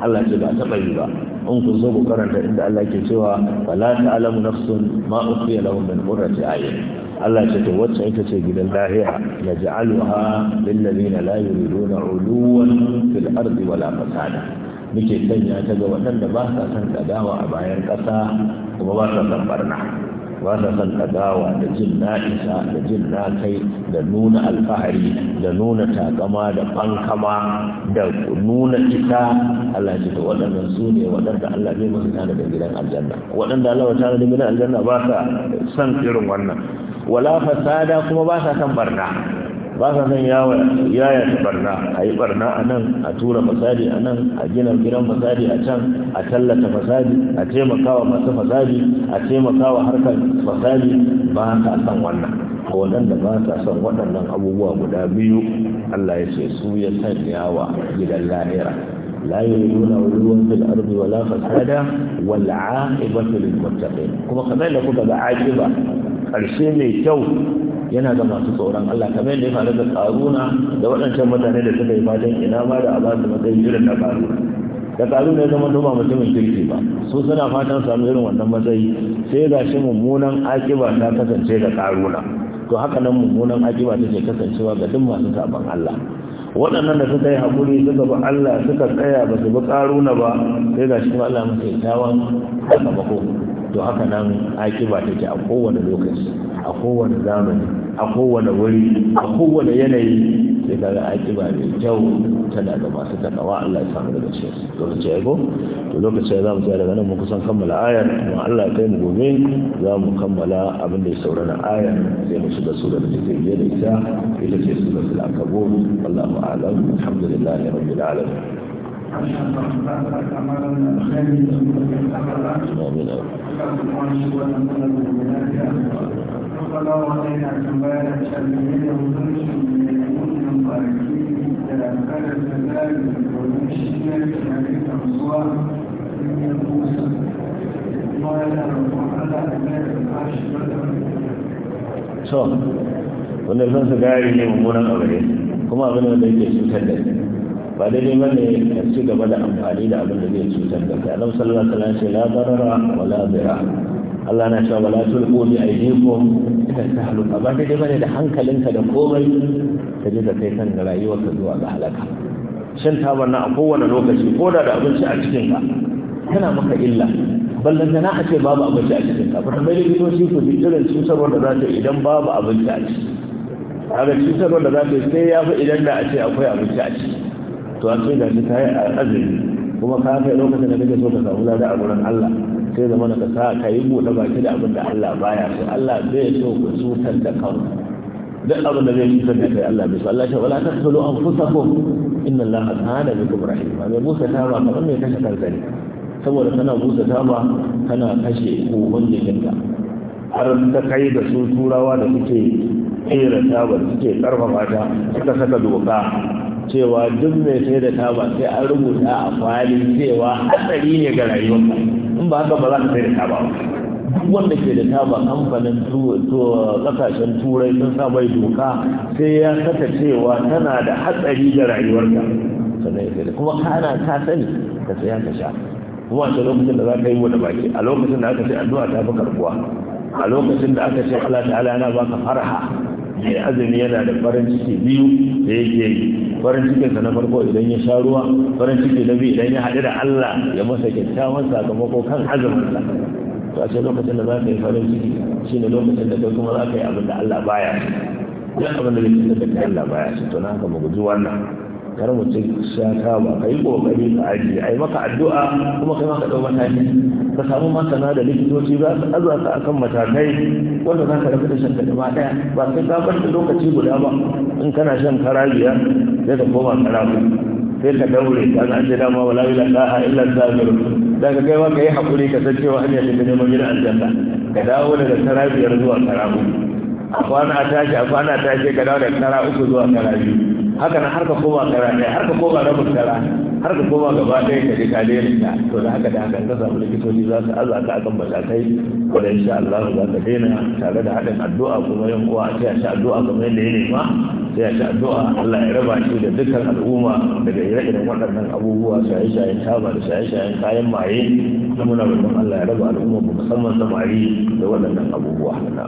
Allah ce ba taba yi ba in kun so ku karanta inda Allah ke cewa wala ta'lamu nafsun ma ukhfiya lahum min qurrati a'yun Allah ce wacce ita ce gidan lahira na ja'aluha lillazina la yuriduna uluwan fil ardi wala fasada muke sanya ta ga waɗanda ba sa son kadawa a bayan ƙasa kuma ba sa san barna ba sa son kadawa da jin na isa da jin na kai da nuna alfahari da nuna takama da fankama da nuna isa Allah ce to waɗannan su ne waɗanda Allah zai musu tana da gidan aljanna waɗanda Allah ta da gidan aljanna ba sa son irin wannan wala fasada kuma ba sa san barna ba sa san yaya ta barna a yi barna a nan a tura fasadi a nan a gina gidan fasadi a can a tallata fasadi a taimakawa masu fasadi a taimakawa harkar fasadi ba sa san wannan waɗanda ba sa son waɗannan abubuwa guda biyu Allah ya ce su ya san wa gidan lahira la yuriduna uluwan fil ardi wala fasada wal aqibatu lil muttaqin kuma kamar da kuka ga aqiba ƙarshe mai kyau yana da masu tsoron Allah kamar yadda ya faru da karuna da waɗancan mutane da suka yi fatan ina ma da a ba su matsayin jiran da ƙaruna. da ƙaruna ya zama ba mutumin kirki ba su suna fatan samu irin wannan matsayi sai ga shi mummunan akiba ta kasance da karuna to haka nan mummunan akiba take kasancewa ga duk masu sabon Allah waɗannan da suka yi haƙuri suka bi Allah suka tsaya ba su bi karuna ba sai ga shi Allah ya tawan sakamako to haka nan akiba take a kowane lokaci a kowane zamani a kowane wuri a kowane yanayi sai kaga akiba mai kyau tana da masu takawa Allah ya samu daga cikin lokaci ya to lokacin za mu tsaya daga nan mun kusan kammala ayar kuma Allah ya kai mu gobe za mu kammala abin da ya saura na ayar sai mu shiga sura da take biye da ita ita ce al-kabur Allahu a'lam alhamdulillahi rabbil alamin آمين so wannan sun su gari ne mummunan abu ne kuma abin da yake cutar da ba daidai ba ne a ci gaba da amfani da abin da zai cutar da kai alam sallallahu alaihi wasallam ce la darara wa la dira Allah na cewa la tulqu bi aydikum ila tahluka ba daidai ba ne da hankalinka da komai ka je da kai kan rayuwarka zuwa ga halaka shan tabar na a kowane lokaci ko da da abinci a cikin ka tana maka illa ballan na a ce babu abinci a cikin ka kuma bai likitoci ku ji irin cutarwar da za ta idan babu abinci a ciki kaga cutarwar da za ta sai ya fi idan da a ce akwai abinci a ciki to an ce ga shi ka yi azumi kuma ka kai lokacin da kake so ka samu lada a gurin Allah sai zama ka sa ka yi buɗe baki da abin da Allah baya so Allah zai so ku cutar da kanku duk abin da zai cutar da kai Allah bai so Allah ya ce wala taqtulu anfusakum inna Allah kana bikum rahim mai musa ta ba kamar mai kashe kanka ne saboda kana busa ba kana kashe ko kohon jikinka har ta kai da su turawa da suke ta tabar suke karfafa ta suka saka doka cewa duk mai sai da taba sai an rubuta a kwali cewa hatsari ne ga rayuwarka in ba haka ba za ka sai da taba ba duk wanda ke da taba kamfanin kasashen turai sun sa mai doka sai ya saka cewa tana da hatsari ga rayuwarka sannan ya sai da kuma kana ta sani ka saya ka sha kuma a lokacin da za ka yi da baki a lokacin da aka ce addu'a ta fi karbuwa a lokacin da aka ce Allah ta'ala yana baka farha mai azumi yana da farin ciki biyu da yake yi farin sa na farko idan ya sha ruwa farin ciki na biyu idan ya haɗu da Allah ya masa kyakkyawan sakamako kan azuminsa to a ce lokacin da za ka yi farin ciki shine lokacin da kai kuma za ka yi abin da Allah baya ya abin da yake da Allah baya to na haka mu guji wannan kar mutum ya kama ka yi kokari ka ajiye ai maka addu'a kuma kai maka dau mataki ka samu masana da likitoci ba su aza ka akan matakai wanda za ka rabu da shan ma daya ba sai ka bar da lokaci guda ba in kana shan karabiya sai ka koma karabu sai ka daure ka na ce dama wala ila sa'a illa sabir da ka kai ka yi hakuri ka san cewa hanya da neman gidan aljanna ka dawo daga karabiyar zuwa karabu a kwana a tashi a kwana tashi ka dawo daga kara uku zuwa kara biyu haka nan harka ka koma kara harka koma rabin kara harka koma gaba ɗaya ka je kare ka to da haka da haka ka samu likitoci za su aza ka akan matakai da insha Allah za ka daina tare da haɗin addu'a kuma yan uwa sai a ci addu'a kamar yadda ya nema sai a ci addu'a Allah ya raba shi da dukkan al'umma daga ire-iren waɗannan abubuwa shaye-shayen taba da shaye-shayen kayan maye da muna roƙon Allah ya raba al'umma musamman samari da waɗannan abubuwa na.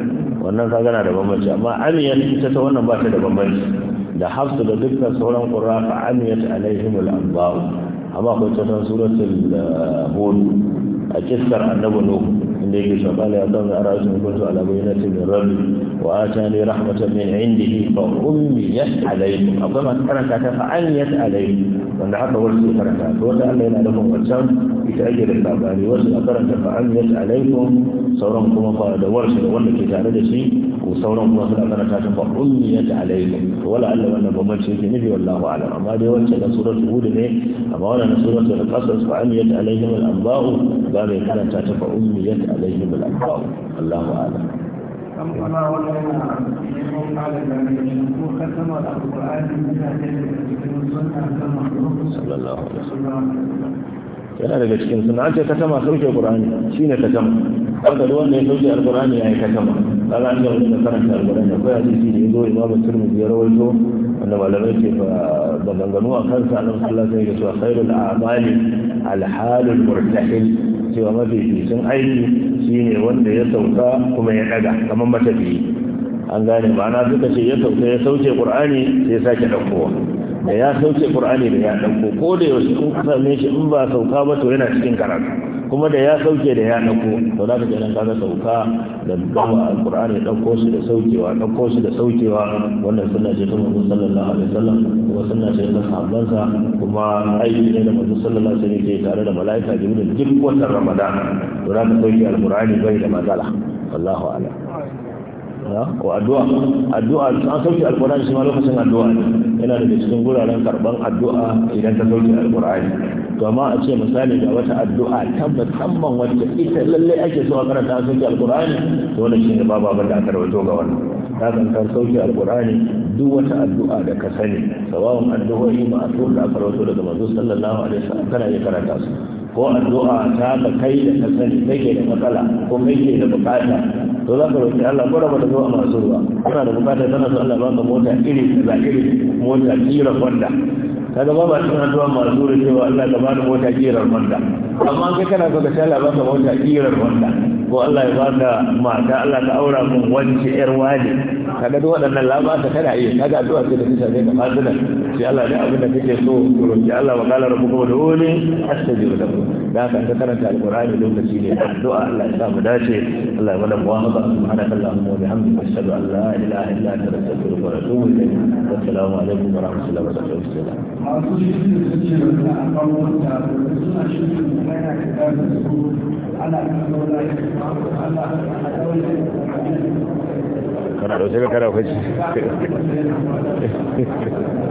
wannan kaga na da bambanci amma amiyat ita ta wannan ba ta da bambanci da hafsu da dukkan sauran qurra fa amiyat alaihim al amma akwai ta suratul eh, hud a kiskar annabi nuhu inda yake shafala ya kan ara sun kuntu ala bayyinati min rabbi wa atani rahmatan min indihi fa ummiyat alaykum akwai masu karanta ta fa aniyat alaykum wanda haka wasu karanta to wanda Allah yana nufin wancan ita ake da labari wasu a karanta fa aniyat alaykum sauran kuma fa da warsu da wanda ke tare da shi to sauran kuma suna karanta shi fa ummiyat alaykum wala alla wannan bambanci yake nufi wallahu alam amma dai wancan da suratul hud ne amma wannan na suratul qasas fa ummiyat alayhim al anba'u ba mai karanta ta fa ummiyat alayhim al anba'u Allahu alam amma wannan mun fara da ko da cikin yana daga cikin suna an ce katama sauke qur'ani shine katama wanda da wanda ya sauke alqur'ani yayi katama ala an ga wanda karanta Alƙur'ani akwai hadisi da yazo imamu tirmidhi ya rawaito wanda malamai ke fa maganganu a kansa annabi sallallahu da wasallam ya ce khairul a'mali alhalin murtahil cewa mafificin aiki shine wanda ya sauka kuma ya ɗaga kamar matafiyi an gane ma'ana suka ce ya ya sauke ƙur'ani sai ya sake ɗaukowa da ya sauke qur'ani da ya dauko ko da yau in ka same shi in ba sauka ba to yana cikin karatu kuma da ya sauke da ya dauko to za ka ga nan kaga sauka da dawo alqur'ani dauko shi da saukewa dauko shi da saukewa wannan sunna ce ta manzo sallallahu alaihi wasallam kuma sunna ce ta sahabbansa kuma aiki ne da manzo sallallahu alaihi wasallam ke tare da mala'ika jibril duk wannan ramadan to za ka sauke alqur'ani bai da matsala wallahu a'lam ko addu'a addu'a an sauke alqur'ani shi ma lokacin addu'a yana da cikin guraren karban addu'a idan ta sauke alqur'ani to amma a ce misali ga wata addu'a ta musamman wacce ita lalle ake so a karanta an sauke alqur'ani to wannan shine babu abin da aka rawaito ga wannan ka san ka sauke alqur'ani duk wata addu'a da ka sani sawawan addu'o'i ma'asur da aka rawaito daga manzo sallallahu alaihi wasallam kana iya karanta su ko addu'a ta da kai da ka sani kake da matsala ko kake da bukata to za ka roƙi Allah ko raba da zuwa masu ruwa kana da bukata kana so Allah baka mota iri da iri mota jira wanda. kaga ba ba cin addu'a masu ruwa cewa Allah ka da mota jira wanda. amma kai kana so ka sha Allah baka mota jira wanda. ko Allah ya baka mata Allah ta aura mun wance yar wani kaga duk waɗannan ta kada yi kaga addu'a ce da kisa sai da fadila sai Allah ne abin da kake so to roki Allah wa qala rabbukum dole astajib lakum da ka ta karanta alqur'ani lokaci ne addu'a Allah ya sa mu dace Allah ya mana muwafaqa subhanaka allahumma wa bihamdika ashhadu an la ilaha illa anta astaghfiruka wa atubu ilayk assalamu alaikum wa rahmatullahi wa barakatuh ana kana da wasu ka kada kwaci [LAUGHS]